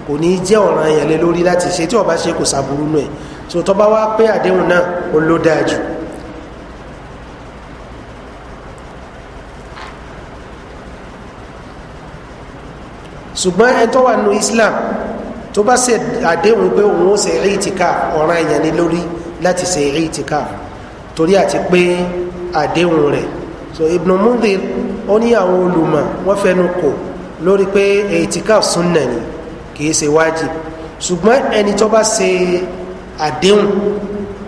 kò ní jẹ́ ọ̀ràn èèyàn lé lórí láti ṣe tí ọba ṣe kò sàbúrú nù so tó bá wá pé àdéhùn náà ó ló dáa ṣùgbọ́n ẹ wà nù islam tó bá ṣe àdéhùn pé òun ó ṣe ìtìká ọ̀ràn èèyàn ní lórí láti ṣe ìtìká torí àti pé àdéhùn rẹ̀ so ibn mundir ó ní àwọn olùmọ̀ wọ́n fẹnu kò lórí pé ìtìká sunna ni kì í ṣe wájib ṣùgbọ́n ẹni tó bá ṣe àdéhùn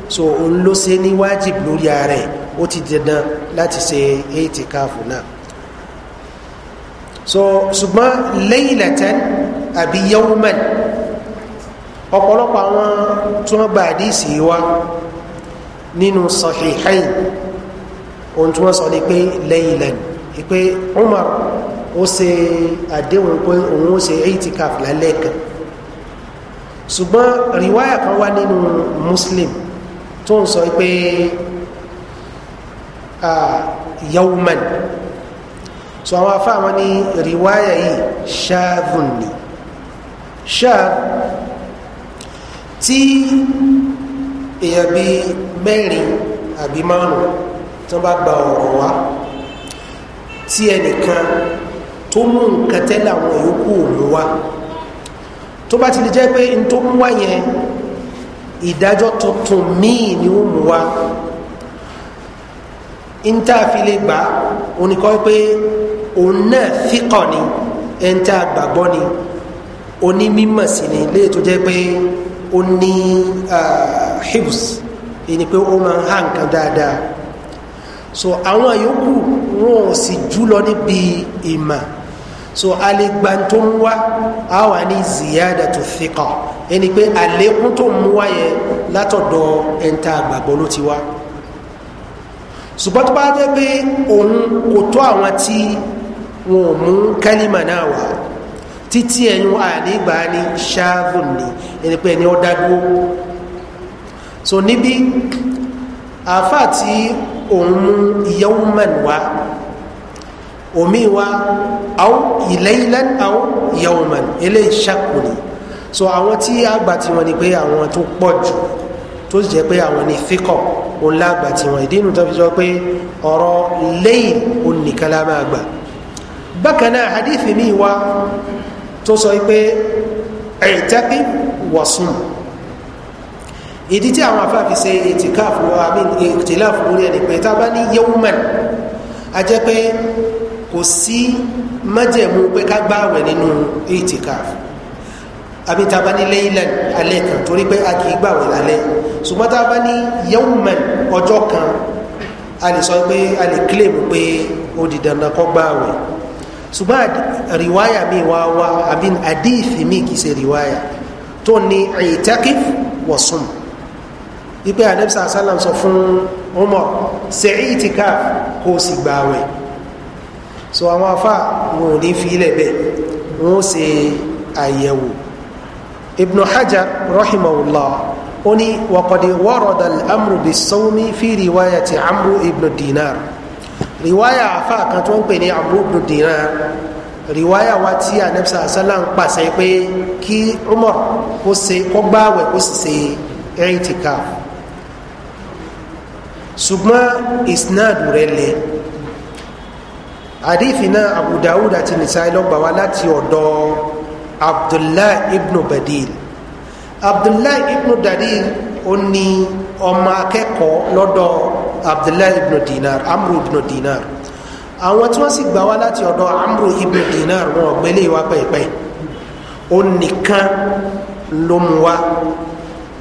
so òun ló ṣe ní wájib lórí ara ẹ̀ ó ti dandan láti ṣe èyítí káàfù náà so ṣùgbọ́n laylatan àbí yawman ọ̀pọ̀lọpọ̀ àwọn tí wọ́n gba àdísì wa nínú sahihain ohun tí wọ́n sọ ni pé laylan pé Umar ó ṣe àdéhùn pé òun ó ṣe èyítí káàfù lálẹ́ kan ṣùgbọ́n rìwáyà kan wá nínú muslim tó ń sọ pé yawman so àwọn afá wọn ní rìwáyà yìí ṣáàbùn ni tí èèyàn bí mẹ́rin àbí márùn tó bá gba ọ̀rọ̀ wá tí ẹnìkan tó mú nǹkan tẹ́lẹ̀ àwọn yòókù òun wá tó bá ti lè jẹ́ pé n tó mú wá yẹn ìdájọ́ tuntun míì ni ó mú wá n tá a fi lè gbà oníkọ́ pé òun náà fíkọ̀ ni ẹni tá a gbàgbọ́ ni onímímọ̀ sí ni léè tó jẹ́ pé ó ní hibs ẹni pé ó máa ń há nǹkan dáadáa so àwọn yòókù wọn ò sì jù lọ níbi ìmọ̀ so alegba tó ń wá ziyada tó thiqa ẹni pé àlékún tó ń wá yẹn látọ̀dọ̀ ẹ̀ńtà àgbàgbọ́ ló ti wá ṣùgbọ́n tó bá jẹ́ pé òun kò tó àwọn tí wọn ò mú kálímà náà wá títí ẹnu ànígbà ní ṣáàbùn ni ẹni pé ẹni ó dádúró so níbi àáfà tí òun mú ìyẹ́wùmẹ̀ wá omi wa aw ilaylan aw yawman eléyìí ṣàkùn ni so àwọn tí àgbà tí wọn ni pé àwọn tó pọ̀ jù tó sì jẹ́ pé àwọn ni fíkọ̀ òun lágbà tí wọn ìdí inú tó fi sọ pé ọ̀rọ̀ lẹ́yìn òun nìkan la máa gbà bákan náà hadithi mi wa tó sọ pé ẹ̀ẹ́tẹ́kì wọ̀sùn ìdí tí àwọn afáàfi ṣe ètìkáàfù àmì ètìláàfù lórí ẹni pé tá a bá ní yẹ́wùmẹ̀ a jẹ́ pé kò sí májẹ̀mú pé ká gbààwẹ̀ nínú itikaf àbí tá a bá ní laylan alẹ́ kan torí pé a kì í gbààwẹ̀ lálẹ́ ṣùgbọ́n tá bá ní yawman ọjọ́ kan a lè sọ pé a lè claim pé ó di dandan kó gbààwẹ̀ ṣùgbọ́n riwaya mi wá wá àbí àdíìfì mi kì í ṣe riwaya tó ní i'takif wa sum ipe anabisa asalam sọ fún Umar ṣe itikaf kó o sì gbààwẹ̀ so àwọn afá wọn ò ní fi ilẹ̀ bẹ́ẹ̀ wọn ó ṣe àyẹ̀wò ibn hajar rahimahullah ó ní wàkọ̀dé wọ́rọ̀dà amru bi sọ́wọ́mí fi riwaya ti amru ibn dinar riwaya afá kan tó ń pè ní amru ibn dinar riwaya wa tí anabisa asalam pàṣẹ pé kí umar kó ṣe kó gbáwẹ̀ kó sì ṣe ẹ̀ẹ́tìkà ṣùgbọ́n isnad rẹ̀ lẹ́ẹ̀ àdìfì náà abu dawud àti nisai lọ́gbà wá láti ọ̀dọ̀ abdullahi ibnu badil abdullahi ibnu badil ó ní ọmọ akẹ́kọ̀ọ́ lọ́dọ̀ abdullahi ibn dinar amru ibnu dinar àwọn tí wọ́n sì gbà wá láti ọ̀dọ̀ amru ibn dinar wọn ọ̀gbẹ́lẹ̀ wá pẹ́ẹ́pẹ́ ó nìkan ló mu wá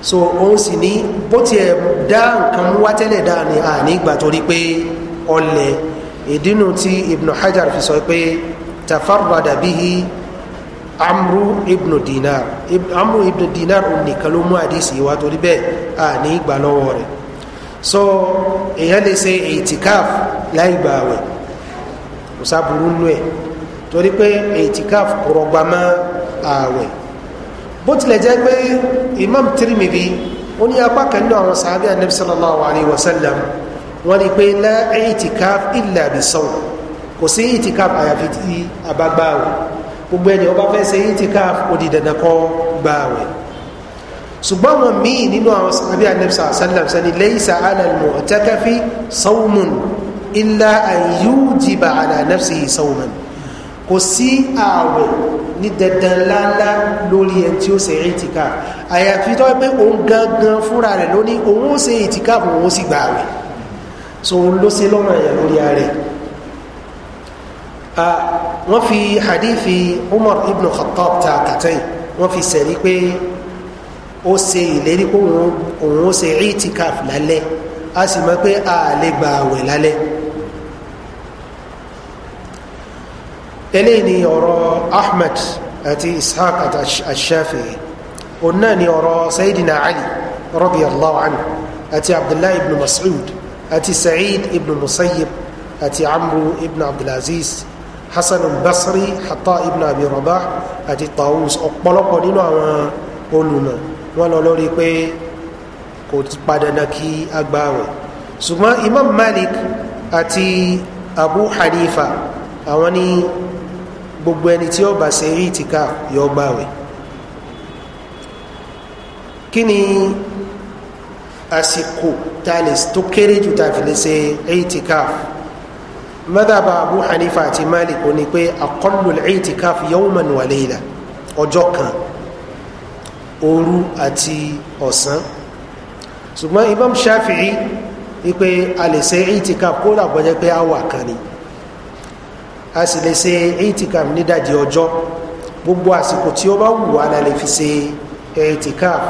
so òun sì ní bó tiẹ̀ dá nǹkan mú wá tẹ́lẹ̀ dáa ni àní ìgbà torí pé ọlẹ̀ ìdínú tí ibn hajar fi sọ pé tafarada bihi amru ibn dinar amru ibn dinar òun nìkan ló mú àdìsí wa torí bẹ́ẹ̀ à ní ìgbà lọ́wọ́ rẹ̀ so èèyàn lè ṣe ètìkáf láì gbà wẹ̀ kò sábúrú nú ẹ̀ torí pé ètìkáf kò rọgba mọ́ ààwẹ̀ bó tilẹ̀ jẹ́ pé imam tirimidi ó ní apá kan àwọn sàábẹ́ anabi sallallahu alayhi wa sallam wọ́n rí i pé lá itikaf illa bisawm kò sí itikaf àyàfi tí a bá gbà wẹ̀ gbogbo ẹni ó bá fẹ́ ṣe itikaf ó di dandan kó gbà wẹ̀ ṣùgbọ́n wọn míì nínú àwọn sàbí anabisa asalam sani laysa ala al-mu'takafi sawmun illa an yujiba ala kò sí ààwẹ̀ ní dandan ńláńlá lórí ẹni tí ó ṣe itikaf àyàfi tó pé òun gangan fúnra rẹ̀ lóní òun ó ṣe itikaf òun ó sì gbà so ló ṣe lọ́rùn àyàn lórí ààrẹ wọ́n fi hadithi umar ibn khattab ta kàtẹ́yìn wọ́n fi sẹ̀rí pé ó ṣe ìlérí pé òun ó ṣe itikaf lálẹ́ a sì mọ̀ pé a lè gba àwẹ̀ lálẹ́ eléyìí ni ọ̀rọ̀ ahmed àti ishaq àti ashafi òun náà ni ọ̀rọ̀ sayidina ali rọ́bì allah anhu àti abdullahi ibn mas'ud àti sa'id ibn musayyib àti amru ibn abdulaziz hasan basri hatta ibn abi rabah àti taus ọ̀pọ̀lọpọ̀ nínú àwọn olùmọ̀ wọn lọ lórí pé kò padà na kí agbáwẹ̀ ṣùgbọ́n imam malik àti abu hanifa àwọn ní gbogbo ẹni tí ó bá ṣe rí ìtìká yọ gbáwẹ̀ kí ni àsìkò tààlẹ̀ tó kéré jù tààfi lè ṣe aitikaf madhaba abu hanifa àti malik ó ní pé àkọlù aitikaf yawman wa layla ọjọ́ kan òru àti ọ̀sán ṣùgbọ́n imam shafi'i wípé a lè ṣe aitikaf kó làbọ̀jẹ́ pé àwà kan ni a sì lè ṣe aitikaf nídàjí ọjọ́ gbogbo àsìkò tí ó bá wù wá la fi ṣe aitikaf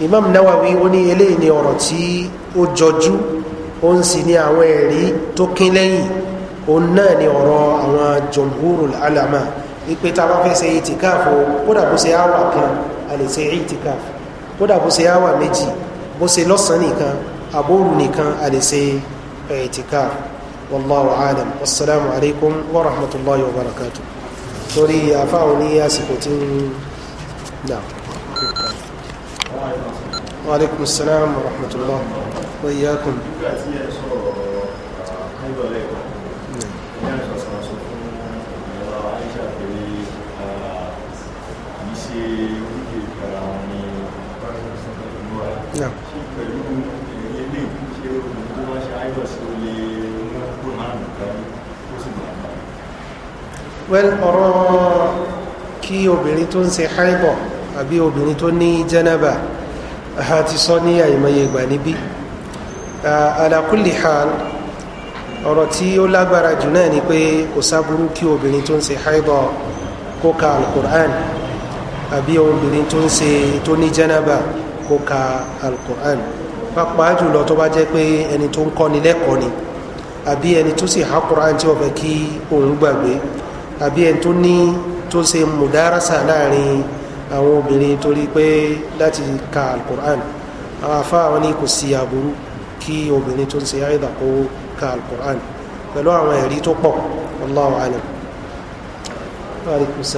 imam nawawi ó ní eléyìí ni ọ̀rọ̀ tí ó jọjú ó ń sì ní àwọn ẹ̀rí tó kín lẹ́yìn òun náà ni ọ̀rọ̀ àwọn jumhurul alama ipe tá a bá fẹ́ ṣe ìtìkáàfù kódà bó ṣe áwà kan a lè ṣe ìtìkáàfù kódà bó ṣe áwà méjì bó ṣe lọ́sàn-án nìkan àbóòrù nìkan a lè ṣe ìtìkáàfù wallahu alam wasalaamu alaykum wa rahmatulahi wa barakatuh torí àfáwọn ní àsìkò tí ń náà. وعليكم السلام ورحمة الله وإياكم نعم. well ọ̀rọ̀ kí obìnrin tó ń ṣe háìbọ̀ àbí obìnrin tó ní jẹ́nàbà àti sọ ní àìmọye ìgbà níbí alákùnlé hàn ọ̀rọ̀ tí ó lágbára jù náà ni pé kò sáburú kí obìnrin tó ń ṣe haibọ̀ kó ka alukur'an àbí obìnrin tó ń ṣe tó ní jẹ́nàbà kó ka alukur'an pàápàá jùlọ tó bá jẹ́ pé ẹni tó ń kọ́ni lẹ́kọ̀ọ́ ni àbí ẹni tó sì há kur'an tí ó fẹ́ kí òun gbàgbé àbí ẹni tó ní tó ṣe mùdárasà láàrin àwọn obìnrin torí pé láti ka alukur'an àwọn afá wọn ni kò sí aburú kí obìnrin tó ń ṣe àìdà kó ka alukur'an pẹ̀lú àwọn ẹ̀rí tó pọ̀ wallahu alam. alaikum ó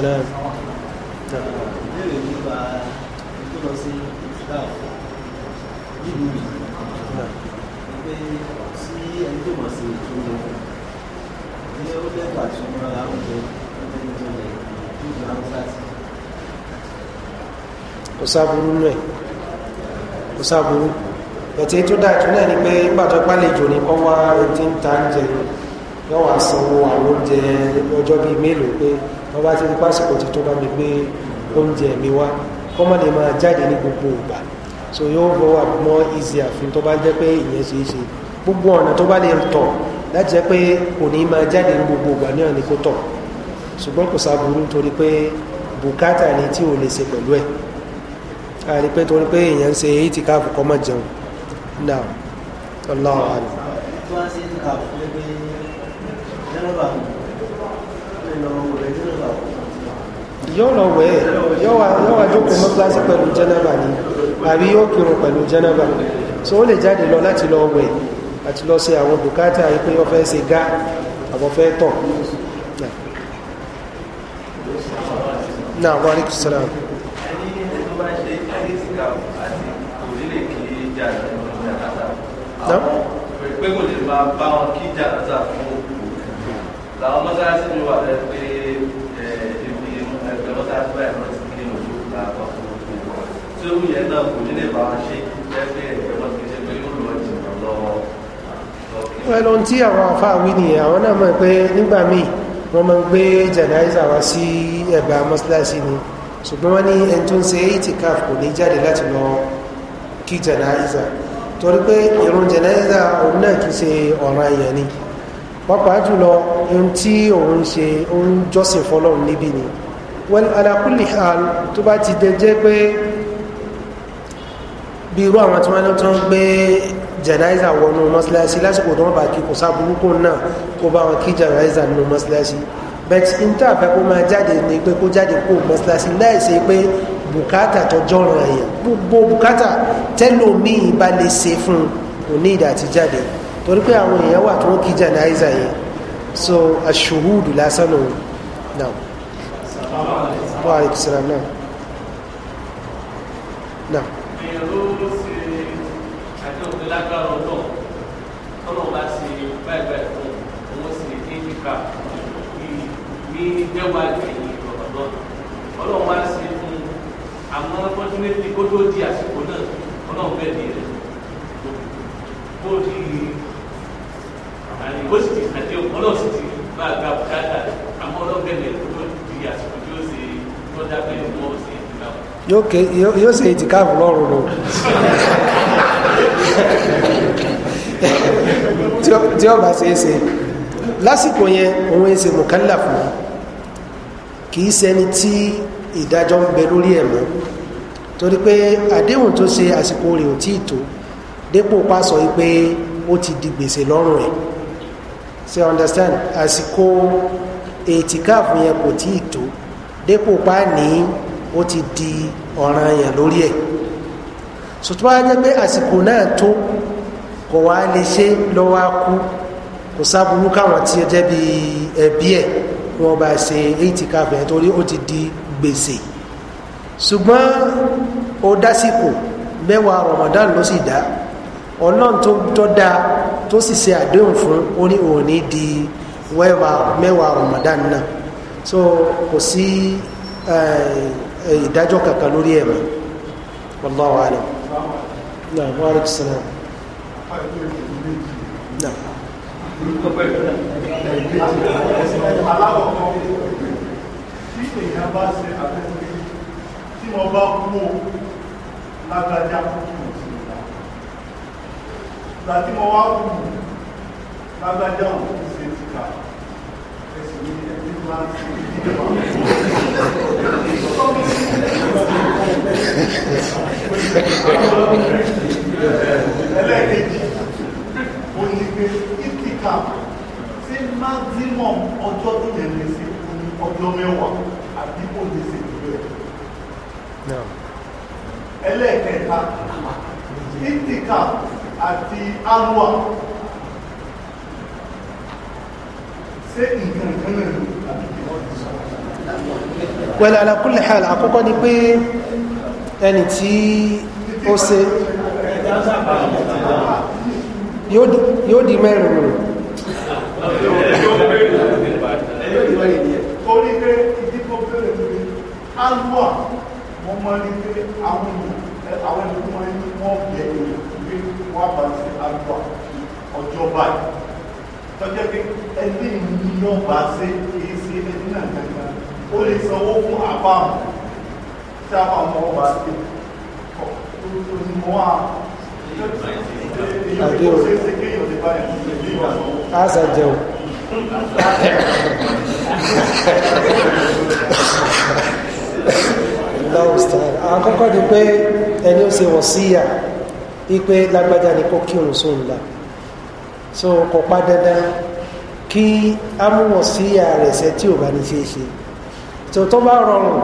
lẹ́gbàá kò sáburú lẹ̀ kò tó dáa jù náà ni pé gbàtọ́ pálejò ní kọ́ wá ń ta oúnjẹ yóò wá sanwó àwọn ọjọ́ bíi mélòó pé wọ́n bá ti di pásìkò tí tó bá mi gbé oúnjẹ mi wá kọ́ mọ́ lè máa jáde ní gbogbo ìgbà so yóò bọ̀ wà mọ́ easy àfin tó bá jẹ́ pé ìyẹn ṣe é ṣe gbogbo ọ̀nà tó bá lè tọ̀ láti jẹ́ pé kò ní máa jáde ní gbogbo ìgbà náà ni kó tọ̀ ṣùgbọ́n kò sáburú torí pé bùkátà ni tí ò lè ṣe pẹ̀lú ẹ̀ àrí pé torí pé èèyàn ń ṣe èyí tí káàfù kọ́ mọ̀ jẹun náà ọlọ́run àná. yóò lọ wẹ̀ ẹ́ yóò wá jókòó mọ́ kíláàsì pẹ̀lú jẹ́nàbà ni àbí yóò kírun pẹ̀lú jẹ́nàbà so ó lè jáde lọ láti lọ wẹ̀ àti lọ ṣe àwọn bùkátà yìí pé wọ́n fẹ́ ṣe gá àbọ̀ fẹ́ tọ̀. náà pé kò lè máa bá wọn kí jàǹdà fún òkú làwọn mọ́sálásí mi wà lẹ́nu pé èmi ẹgbẹ́ mọ́sálásí báyìí wọ́n ti kí ní ojú ìgbà kan fún òkú tí ó yẹ ni ṣùgbọ́n wọ́n ní ẹni torí pé ìrun jẹ̀nẹ́sà òun náà kì í ṣe ọ̀ràn èèyàn ni pàápàá jùlọ ohun tí òun ṣe òun jọ́sìn fọlọ́run níbí ni well alakuli hal tó bá ti dé jẹ́ pé bí irú àwọn tí wọ́n tó ń gbé jẹ̀nẹ́sà wọnú mọ́síláṣí lásìkò tó wọ́n bá kí kò sáburúkú náà kó bá wọn kí jẹ̀nẹ́sà nínú mọ́síláṣí bẹ́ẹ̀ tí n tàbẹ́ kó máa jáde ní pé kó jáde kó mọ́síláṣí láìsí pé bùkátà tọjọ́ ràn yàn gbogbo bùkátà tẹ́lòmíì bá lè ṣe fún un ní ìdá àti jáde torí pé àwọn èèyàn wà tó ń kí jànáìzà yẹn so aṣòhúdù lásán lòun náà wà á kìsìrà náà náà. èèyàn ló ṣe àjọ òkè lágbára ọlọ́ọ̀ wá ṣe àmọ́ fọ́túnẹ́tì kó tó di àsìkò náà ọlọ́run bẹ́ẹ̀ di rẹ̀ kó di àyìnbó sì ti àti ọlọ́run sì ti bá a gba bùkátà àmọ́ ọlọ́run bẹ́ẹ̀ lẹ̀ kó di àsìkò tí ó ṣe tó dábẹ́ ìmọ̀ ọ̀sẹ̀ ìtìkáàfù. yóò ṣe ìtìkáàfù lọ́rùn lò tí ó bá ṣe é ṣe lásìkò yẹn òun ẹ ṣe mùkálà fún kì í ṣẹni tí ìdájọ́ ń bẹ lórí ẹ̀ mọ́ torí pé àdéhùn tó ṣe àsìkò rẹ̀ ò tí ì tó dépò pa sọ ó ti di gbèsè lọ́rùn ẹ̀ ṣe understand àsìkò ètìkáàfù yẹn kò tí ì tó dépò pa ó ti di ọ̀ràn yẹn lórí ẹ̀ sòtú wá jẹ́ pé àsìkò náà tó kò wá lè ṣe lọ́wọ́ á kú kò sábúrú káwọn tí ó jẹ́ bí ẹbí ẹ̀ kí wọ́n bá ṣe itikaf yẹn torí ó ti di gbèsè ṣùgbọ́n ó dásìkò mẹ́wàá Ramadan ló sì dá ọlọ́run tó tọ́ da tó sì ṣe àdéhùn fún ó ní òun ní di mẹ́wàá Ramadan náà so kò sí eh, eh, ìdájọ́ kankan lórí ẹ̀ mọ́ wallahu alam náà wọ́n rí sílẹ̀ náà alákọ̀ọ́kọ́ tí èèyàn bá ṣe àtẹ́kùnrin tí mo bá kú o lágbájá kúkú sí ìlà ìgbà tí mo wá kú lágbájá ò kú sí ìtìkà ẹsìn ní ẹbí máa ń sí ìdílé maximum ọjọ́ tí yẹn lè ṣe fún ní ọjọ́ mẹ́wàá àbí kò lè ṣe jù bẹ́ẹ̀. ẹlẹ́ẹ̀kẹta ìtìkà àti alua ṣé nǹkan kan náà ló tàbí kí wọ́n ti sọ. wẹ́lẹ̀ ala kulli hal àkọ́kọ́ ni pé ẹni tí ó ṣe yóò di mẹ́rin rẹ̀. alúwà wọ́n máa ní pé àwọn ènìyàn àwọn ènìyàn máa ní wọ́n bẹ èèyàn pé wọ́n bá ti alúwà ọjọ́ báyìí tọ́jọ́ pé ẹni ìlú ọba ṣe kìí ṣe ẹni náà gbàgbà ó lè sanwó fún àbáwọn tí a mọ ọba ṣe kọ tó tó ní mọ́ a èyí lọ́wọ́sítà àkọ́kọ́ ni pé ẹni ó ṣe wọ̀síyà wípé lágbájá ni kó kírun sóun la so kò pa dandan kí amúwọ̀síyà rẹ̀ ṣe tí ò bá ní ṣe é ṣe tí ó tó bá rọrùn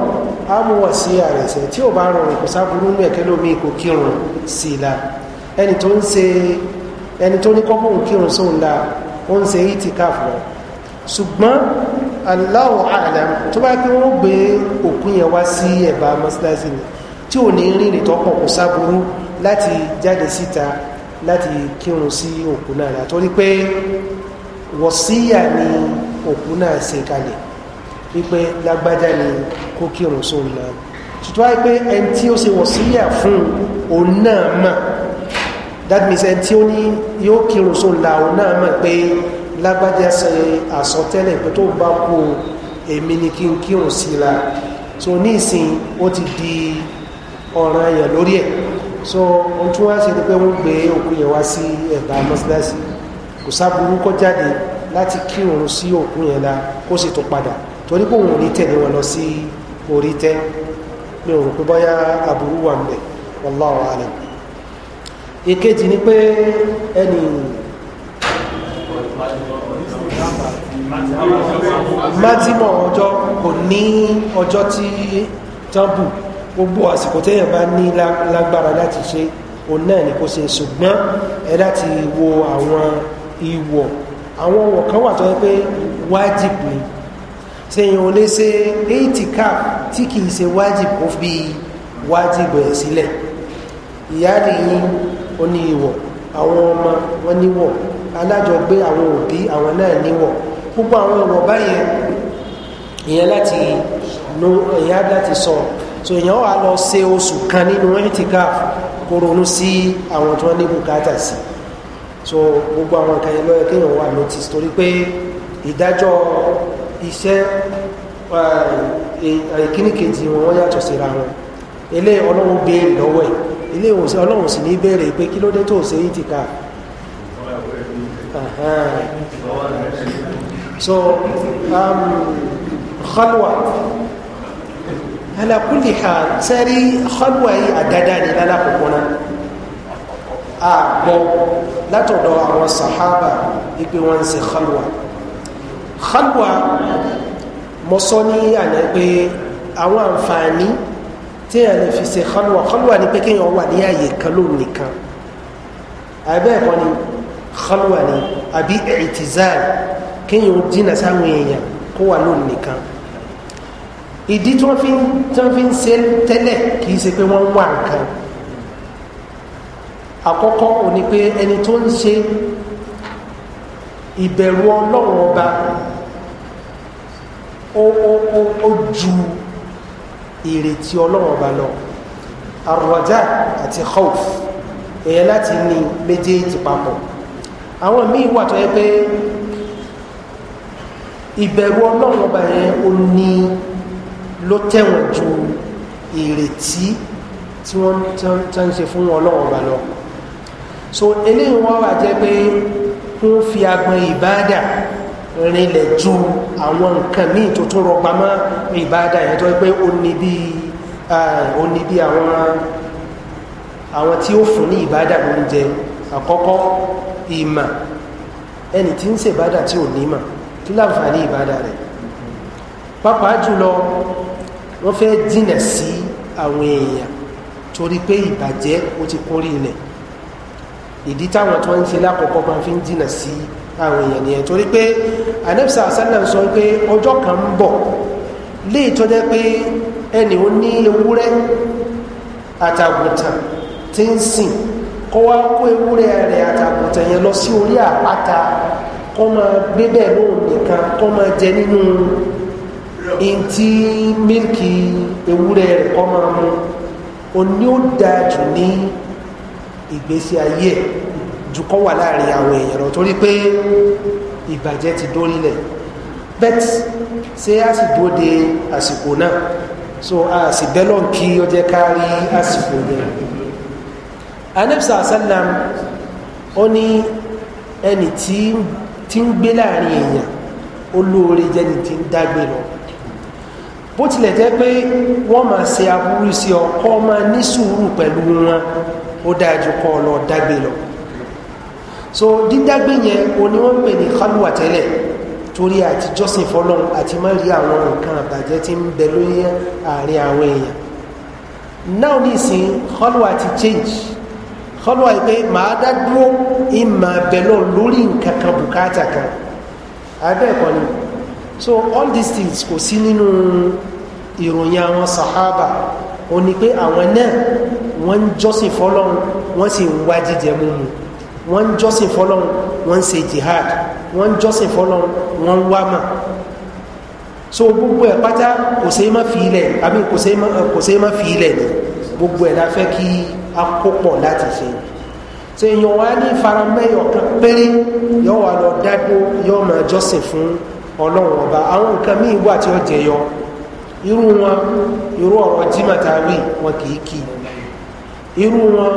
amúwọ̀síyà rẹ̀ ṣe tí ò bá rọrùn kò sáburú ní ẹ̀kẹ́ lómi kò kírun sí la ẹni tó ń ṣe ẹni tó ní kọ́kọ́ òun kírun sóun la ó ń ṣe ìtìkáfù ṣùgbọ́n Allahu a'lam tó bá pé wọ́n gbé òkú yẹn wá sí ẹ̀bá mọ́sálásí ni tí ò ní rí ìrìn tó pọ̀ sáburú láti jáde síta láti kírun sí òkú náà látọ́rí pé wọ̀síyà ni òkú náà ṣe kalẹ̀ wípé lágbájá ni kó kírun sóun náà tuntun wáyé pé ẹni tí ó ṣe wọ̀síyà fún òun náà mọ̀ that means ẹni tí ó ní yóò kírun sóun náà mọ̀ pé lágbájá ṣe àsọtẹ́lẹ̀ pé tó bá kú èmi ni kí n kírun sí la so ní ìsìn ó ti di ọ̀ràn èèyàn lórí ẹ̀ so ohun tí wọ́n á ṣe ni pé wọ́n gbé òkú yẹn wá sí ẹ̀bá mọ́síláṣí kò sábúrú kọ́ jáde láti kírun sí òkú yẹn la kó sì tó padà torí pé òun ò ní tẹ̀lé wọn lọ sí orí tẹ́ mi ò rò pé bóyá aburú wà ń bẹ̀ wallahu alam ìkejì ni pé ẹnì mátímọ̀ ọjọ́ kò ní ọjọ́ tí tábù gbogbo àsìkò téèyàn bá ní lágbára láti ṣe òun náà ni kò ṣe ṣùgbọ́n ẹ láti wo àwọn ìwọ̀ àwọn ọwọ̀ kan wà tó yẹ pé wájìbù ni sẹ́yìn olè ṣe eighty cap tí kìí ṣe wájìbù ó fi wájìbù ẹ̀ sílẹ̀ ìyáàdì yín ó ní ìwọ̀ àwọn ọmọ wọn níwọ̀ alájọgbé àwọn òbí àwọn náà níwọ̀ gbogbo àwọn ọ̀rọ̀ báyẹn ìyẹn láti ìyẹn láti sọ so ìyẹn wà lọ ṣe oṣù kan nínú etikaf kó ronú sí àwọn tí wọ́n ní bùkátà sí so gbogbo àwọn nǹkan yẹn lọ́yẹ kéèyàn wà notice torí pé ìdájọ́ iṣẹ́ eh, ìkíní kejì wọn wọ́n yàtọ̀ síra wọn ilé ọlọ́run béèrè lọ́wọ́ ẹ̀ ilé ọlọ́run sì ní béèrè pé kí ló dé tó ṣe etikaf so um, khalwa ala kulli hal sẹ́rí khalwa yìí àdáda ni lálàkọ̀kọ́ náà a ah, gbọ́ látọ̀dọ̀ àwọn sahaba ipe wọn ń ṣe khalwa khalwa mo sọ ní àná pé àwọn àǹfààní téèyàn lè fi ṣe khalwa khalwa ni pé kéèyàn wà ní àyè kan lóun nìkan àbẹ́ẹ̀kọ́ khalwa ni àbí i'tizal kéèyàn jìnnà sáwọn èèyàn kó wà lóun nìkan ìdí tí wọ́n fi ń tí wọ́n fi ń ṣe tẹ́lẹ̀ kì í ṣe pé wọ́n ń wà nǹkan àkọ́kọ́ ò pé ẹni tó ń ṣe ìbẹ̀rù ọlọ́run ọba ó ó ó ó ju ìrètí ọlọ́run ọba lọ àrọ̀já àti khawf èèyàn láti ní méjèèjì papọ̀ àwọn míì wà tó yẹ pé ìbẹ̀rù ọlọ́run ọba yẹn ó ní ló tẹ̀wọ̀n ju ìrètí tí wọ́n tán ṣe fún ọlọ́run ọba lọ so eléyìí wọ́n wà jẹ́ pé wọ́n fi agbọn ìbáàdà rinlẹ̀ ju àwọn nǹkan míì tó tún rọpa mọ́ ìbáàdà yẹn tó pé ó ní bí ó ní bí àwọn àwọn tí ó fún ní ìbáàdà lóúnjẹ àkọ́kọ́ ìmà ẹni tí ń ṣèbádà tí ò ní mà kí láǹfààní ìbádà rẹ̀ pàápàá jùlọ wọ́n fẹ́ dínà sí àwọn èèyàn torí pé ìbàjẹ́ ó ti kórí ilẹ̀ ìdí táwọn tó ń ṣe lákòókò máa fi ń dínà sí àwọn èèyàn nìyẹn torí pé anabisa asalam sọ pé ọjọ́ kan ń bọ̀ léè tó jẹ́ pé ẹnì ó ní ewúrẹ́ àtàgùntàn tí ń sìn kó kó ewúrẹ́ rẹ̀ àtàgùntàn yẹn lọ sí orí àpáta kọ́ máa gbé bẹ́ẹ̀ lóhùn nìkan kọ́ máa jẹ nínú ntí mílìkì ewúrẹ́ rẹ̀ kọ́ máa o òní ó dáa jù ní ìgbésí ayé ẹ̀ jù kọ́ wà láàrin àwọn èèyàn lọ torí pé ìbàjẹ́ ti dórílẹ̀ bet ṣé a sì dúró de àsìkò náà so a sì bẹ́lọ̀ kí ó jẹ́ ká rí àsìkò yẹn anabisa asalam ó ní ẹni tí tí ń gbé láàrin èèyàn olóore jẹni tí ń dágbé lọ bó tilẹ̀ jẹ́ pé wọ́n máa ṣe aburú sí ọ kọ́ máa ní sùúrù pẹ̀lú wọn ó dáa kọ́ lọ dágbé lọ so dídágbé yẹn o ni wọ́n ń pè ní kálùwà tẹ́lẹ̀ torí àti jọ́sìn fọlọ́n àti má rí àwọn nǹkan àbàjẹ́ tí ń bẹ lóyún àárín àwọn èèyàn náà nísìnyí kálùwà ti change kọ́lọ́ wa pé màá dá dúró ìmọ̀ abẹ́lọ́ lórí kan bùkátà kan abẹ́ẹ̀kọ́ ni so all these things kò sí nínú ìròyìn àwọn sàhábà ó ní pé àwọn náà wọ́n ń jọ́sìn fọ́lọ́run wọ́n sì ń wá jíjẹ múmu wọ́n ń jọ́sìn fọ́lọ́run wọ́n ń ṣe jihad wọ́n ń jọ́sìn fọ́lọ́run wọ́n ń wá mà so gbogbo ẹ̀ pátá kò sí má fi ilẹ̀ àbí kò sí má fi ilẹ̀ ni. gbogbo ẹ̀ la fẹ́ kí a kó pọ̀ láti ṣe ṣe èèyàn wa ní faramẹ́yọ̀ kan péré yọ wà lọ dágbó yọ máa jọ́sìn fún ọlọ́run ọba àwọn nǹkan míì wà tí ó jẹyọ irú wọn irú ọ̀rọ̀ jimatawi wọn kìí í kì irú wọn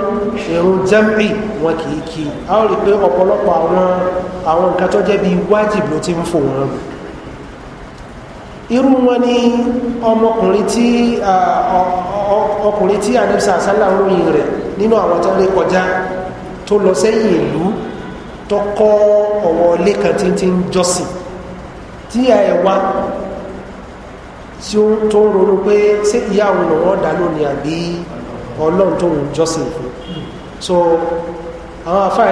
irun jam'i wọn kìí í a ó rí pé ọ̀pọ̀lọpọ̀ àwọn àwọn nǹkan tó jẹ́ bíi wájib ló ti ń fò wọn irú wọn ni ọmọkùnrin tí ọkùnrin tí anamsa asálà olóyin rẹ̀ nínú àwọn tó lè kọjá tó lọ sẹ́yìn ìlú tó kọ́ ọ̀wọ́ lẹ́kan títí ń jọ́sìn tí a wá tí ó tó ń ronú pé ṣé ìyá òun lónìí ọlọ́run tó so àwọn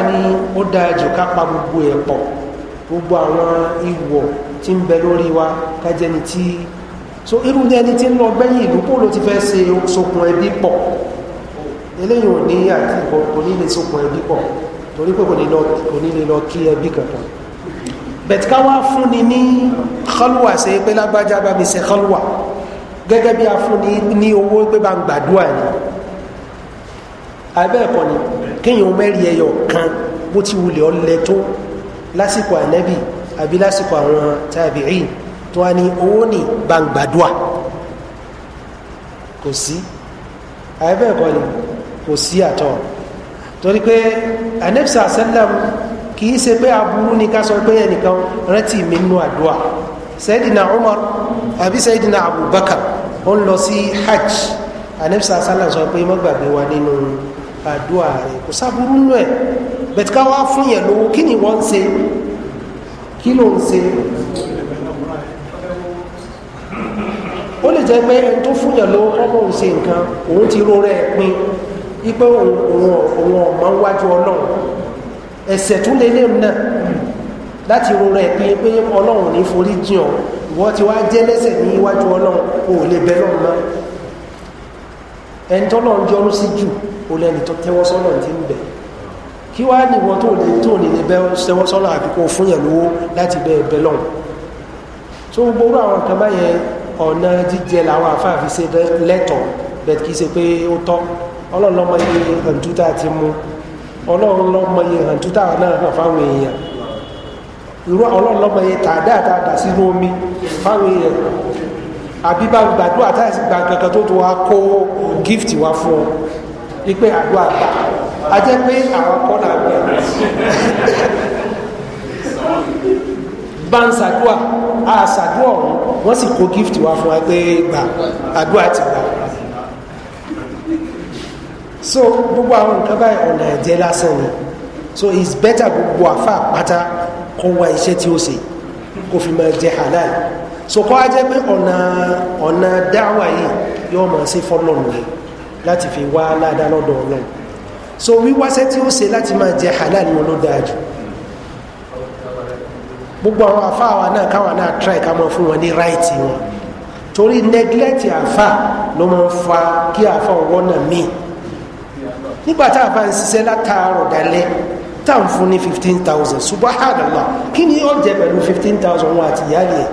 ó jù ká gbogbo gbogbo àwọn ìwọ̀ tí ń bẹ lórí wa tí. so irú ní ẹni tí ń lọ gbẹ́yìn ìlú pò ló ti fẹ́ ṣe sokùn ẹbí pọ̀ eléyìí ò ní àti kò ní lè sokùn ẹbí pọ̀ torí pé kò ní lè lọ kí ẹbí kankan bẹ̀tí ká wá fún ni ní kọlùwà ṣe pé lágbájá bá mi ṣe kọlùwà gẹ́gẹ́ bí a fún ni ní owó pé bá ń gbàdúrà ni abẹ́ ẹ̀kọ́ ni kéèyàn mẹ́rin ẹyọ kan bó ti wulẹ̀ ọlẹ́ tó lásìkò ànẹ́bì àbí lásìkò àwọn tàbí rìn tó wá ní owó ní gbangbadua kò sí àyẹ̀bẹ̀ ẹ̀kọ́ ni kò sí àtọ̀ torí pé anẹ́bísà sẹ́lẹ̀m kì í ṣe pé aburú ni ká sọ pé ẹnìkan rántí mi nínú àdúrà sẹ́dínà umar àbí sẹ́dínà abubakar ó ń lọ sí hajj anẹ́bísà sẹ́lẹ̀m sọ pé mọ́gbàgbé wa nínú àdúrà rẹ̀ kò sáburú nù ẹ̀ bẹ̀tíká wá fún yẹn lówó kí ni wọ́n ń ṣe kí ló ń ṣe ó lè jẹ́ pé ẹni tó fúnyàn ló kọ́kọ́ ń ṣe nǹkan òun ti ró rẹ̀ pin wípé òun ọ̀mọ́ wájú ọlọ́run ẹ̀sẹ̀ tún lè léwu náà láti ro rẹ̀ pin pé ọlọ́run ní forí jìn ọ́ ìwọ ti wá jẹ́ lẹ́sẹ̀ ní iwájú ọlọ́run o ò lè bẹ́ lọ́run mọ́ ẹni tọ́lọ́run jọ́rú sí jù o lẹ́ni tó tẹ́wọ́ sọ́lọ́run ti ń bẹ̀ẹ́ kí wá ní ìwọ tó lè tó ní lè bẹ sẹwọ sọlọ àbíkó fún yẹn lówó láti bẹ ẹbẹ lọhùn tó gbogbo àwọn nǹkan báyẹn ọ̀nà jíjẹ làwọn àfáàfi ṣe lẹ́tọ̀ọ́ bẹ́ẹ̀ kì í ṣe pé ó tọ́ ọlọ́run lọ́mọ iye hàntútà ti mú ọlọ́run lọ́mọ iye hàntútà náà hàn fáwọn èèyàn irú ọlọ́run lọ́mọ iye tàdá àtàdà sínú omi fáwọn èèyàn àbí bá gbàdúrà táyà sí gbàgbẹ́kẹ́ tó tó wá kó gift wá fún ọ wípé àdúrà gbà á jẹ́ pé àwọn kọ́ là bá ń ṣàdúà a ṣàdúà ọ̀hún wọ́n sì kó gift wá fún wa pé àdúà ti gbà so gbogbo àwọn nǹkan báyìí ọ̀nà ẹ̀jẹ̀ lásán ni so it's better gbogbo àfa àpáta kó wá iṣẹ́ tí ó ṣe kó fi máa jẹ halal so kọ́ á pé ọ̀nà ọ̀nà dáwà yìí yóò máa ṣe fọ́lọ́run rẹ̀ láti fi wá ládàá lọ́dọ̀ ọlọ́run so wíwáṣẹ́ tí ó ṣe láti máa jẹ halal ni wọn ló dáa jù gbogbo àwọn afa àwa náà káwa náà try ká mọ fún wọn ní right wọn torí neglect afa ló máa ń fa kí afa ọwọ́ náà mí nígbà tá a bá ń ṣiṣẹ́ látàárọ̀ dalẹ́ tá à ń fún ní fifteen thousand subahánàlá kí ni ó jẹ pẹ̀lú fifteen thousand wọn àti ìyá rẹ̀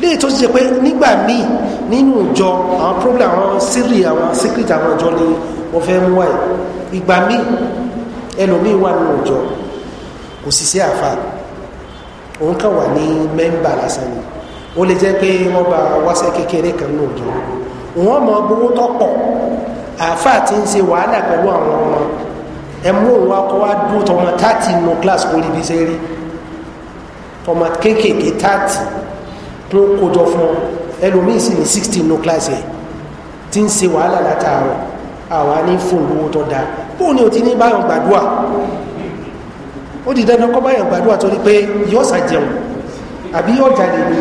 léyìí tó ṣe pé nígbà míì nínú ìjọ àwọn problem àwọn sírì àwọn secret àwọn ìjọ ni wọ́n fẹ́ mú wáyé ìgbà míì ẹlòmíì wà nínú ìjọ kò sì sí àfáà òun kàn wà ní mẹ́mbà lásán ni ó lè jẹ́ pé wọ́n bá wáṣẹ́ kékeré kan ní òjò wọ́n mọ gbowó tó pọ̀ àáfàá ti ń ṣe wàhálà pẹ̀lú àwọn ọmọ ẹ mú òun wá kọ́ wá dúró tọmọ táàtì nù kíláàsì kó ríbi ṣe rí tọmọ kéékèèké táàtì tó kójọ fún ẹlòmíì sì ní sixty nù kíláàsì ẹ̀ ti ń ṣe wàhálà látàárọ̀ àwa ní fóònù owó tó dáa bóun ni o ti ní báyọ̀ gbàdúrà ó di dandan kọ́ báyọ̀ gbàdúrà torí pé yóò ṣàjẹun àbí yóò jáde ní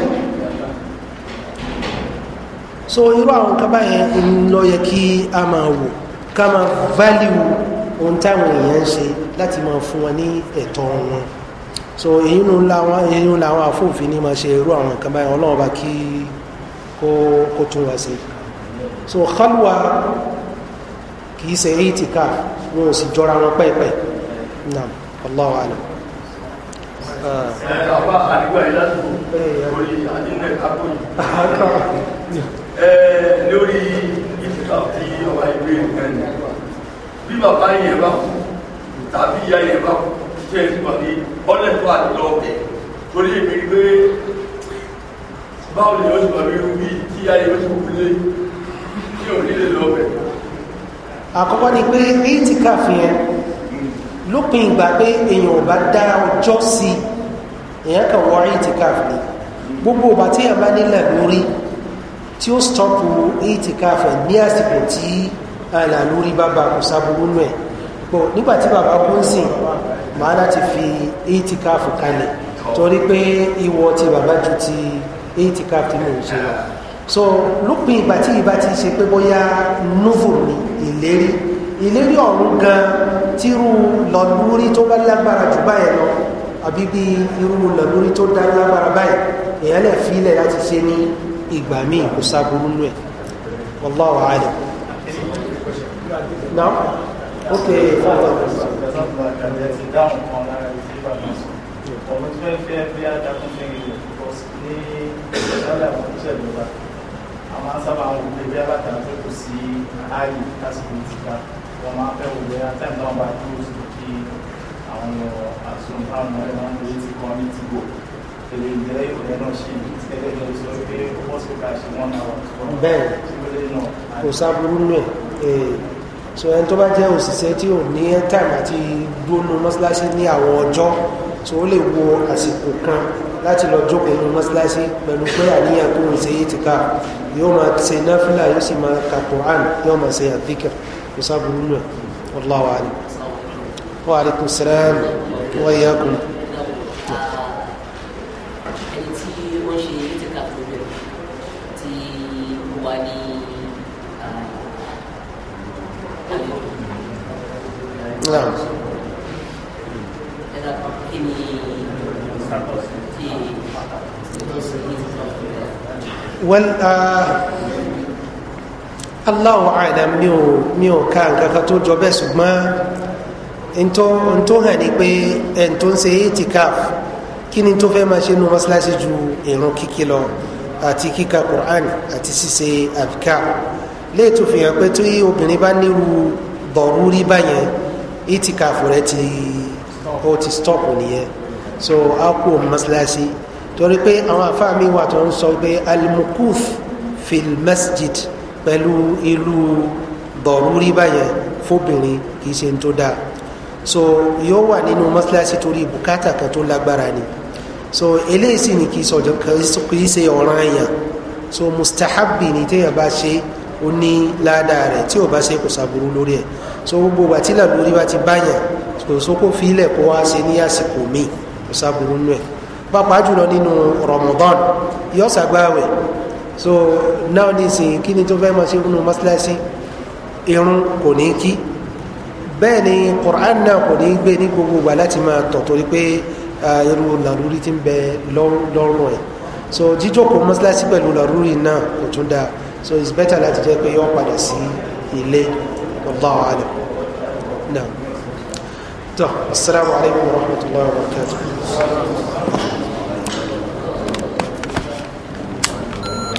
so irú àwọn nǹkan báyẹn ń lọ yẹ kí a máa wò ká máa value ohun táwọn èèyàn ń ṣe láti máa fún wọn ní ẹ̀tọ́ wọn so èyí ń làwọn èyí ń làwọn àfòfin ní máa ṣe irú àwọn nǹkan báyẹn ọlọ́run bá kí kó tún wá sí so khalwa kì í ṣe eight car wọn ò sì jọra wọn pẹ́ẹ́pẹ́ẹ́ náà. الله a'lam àbá àdúgbò yìí lásìkò lórí àdínlẹ̀ àkóyì lórí ìfìkà tí ọba ìwé nǹkan ni bí bàbá yẹn bá kú tàbí ìyá yẹn bá kú tí ẹ ti wà ní ọlẹ́tọ̀ àdìlọ ọbẹ̀ torí èmi pé báwo àkọ́kọ́ ni pé ní ti káfíń lópin ìgbà pé èèyàn ò bá dá ọjọ́ sí i èèyàn kan wọ itikaf ni gbogbo ọba tí èèyàn bá nílẹ̀ lórí tí ó stọ́pù itikaf ẹ̀ ní àsìkò tí àlà lórí bàbá kò sábúrú nù ẹ̀ pọ̀ nígbà tí bàbá kú ń sìn láti fi itikaf kalẹ̀ torí pé ìwọ ti bàbá ju ti itikaf tí mò ń ṣe lọ so lópin ìgbà tí ìbá ti ṣe pé bóyá novel ni ìlérí ìlérí ọ̀run gan-an tírú lọ́lúrí tó bá lágbára jù báyẹn lọ àbí bí irú lọ́lúrí tó dá lágbára báyẹn èèyàn lè filẹ̀ láti ṣe ní ìgbà míì kò sáburú nù ẹ̀ wallahu a'lam. now okay fọwọ́. ọmọ tí wọ́n fẹ́ bí adágúnfẹ́ ilẹ̀ ní ìṣẹ̀lẹ̀ àwọn oníṣẹ̀lẹ̀ wa àwọn sábà ń wọlé bí abàtà tó kù sí ààyè lásìkò ìtìká wọ́n máa fẹ́ wò bóyá táìmù táwọn bá dúró sí kí àwọn lọ àtúntò táwọn ọ̀rẹ́ máa ń lè ti kan ní ti gbò èlé ìdílé ìwòye náà ṣe tẹ́lẹ̀ ní oṣù pé ó bọ́ sí ká ṣe wọ́n náà wà tó bẹ́ẹ̀ kò sáburú nù ẹ̀ so ẹni tó bá jẹ́ òṣìṣẹ́ tí ò ní time àti gbónú mọ́sálásí ní àwọn ọjọ́ so ó lè wo àsìkò kan láti lọ jókòó ní mọ́sálásí pẹ̀lú pé àníyàn tó ń ṣe yìí ti ká yóò máa ṣe náfìlà yóò sì máa ka Quran yóò máa ṣe àfikẹ́ يصابهن والله أعلم وعليكم السلام وإياكم نعم آه، Allahu alam mi ò mi ò ka nǹkan kan tó jọ bẹ́ẹ̀ ṣùgbọ́n ntọ́ ntọ́ hàn ní pé ẹ̀ ń tó ń ṣe itikaf kí ni tó fẹ́ máa ṣe nu mọ́ṣáláṣí ju ìrun kíkí lọ àti kíka Qur'an àti ṣíṣe àbíká léètò fi hàn pé tí obìnrin bá nírú dọ̀rúrí báyẹn itikaf rẹ̀ ti ó ti stop nìyẹn so a kú mọ́ṣáláṣí torí pé àwọn afáàmì wà tó ń sọ pé al fil masjid pẹ̀lú irú dọ̀rúrí báyẹn fóbìnrin kì í ṣe ń tó dáa so yóò wà nínú mọ́sálásí torí bùkátà kan tó lágbára ni so eléyìí sì ni kì í sọjọ kì í ṣe ọ̀ràn èèyàn so mustahabi ni téèyàn bá ṣe ó ní ládàá rẹ̀ tí ò bá ṣe kò sàbúrú lórí ẹ̀ so gbogbo ìgbà tí làlórí bá ti báyàn kò sókò fílẹ̀ kó wá ṣe ní àsìkò míì kò sàbúrú nù ẹ̀ pàápàá jùlọ nínú Ramadan yóò ṣàgbáwẹ̀ so now nísìnyí eh, kí ni tó fẹ́ máa ṣe nínú mọ́sálásí irun kò ní kí bẹ́ẹ̀ ni quran náà kò ní gbé ní gbogbo ìgbà láti máa tọ̀ torí pé eh, irú làrúrí ti ń bẹ lọ́rùn ẹ̀ so jíjókòó mọ́sálásí pẹ̀lú làrúrí náà kò tún dáa so it's better láti jẹ́ pé yọ padà sí ilé wallahu alam náà tó assalamu alaikum warahmatullahi wabarakatuh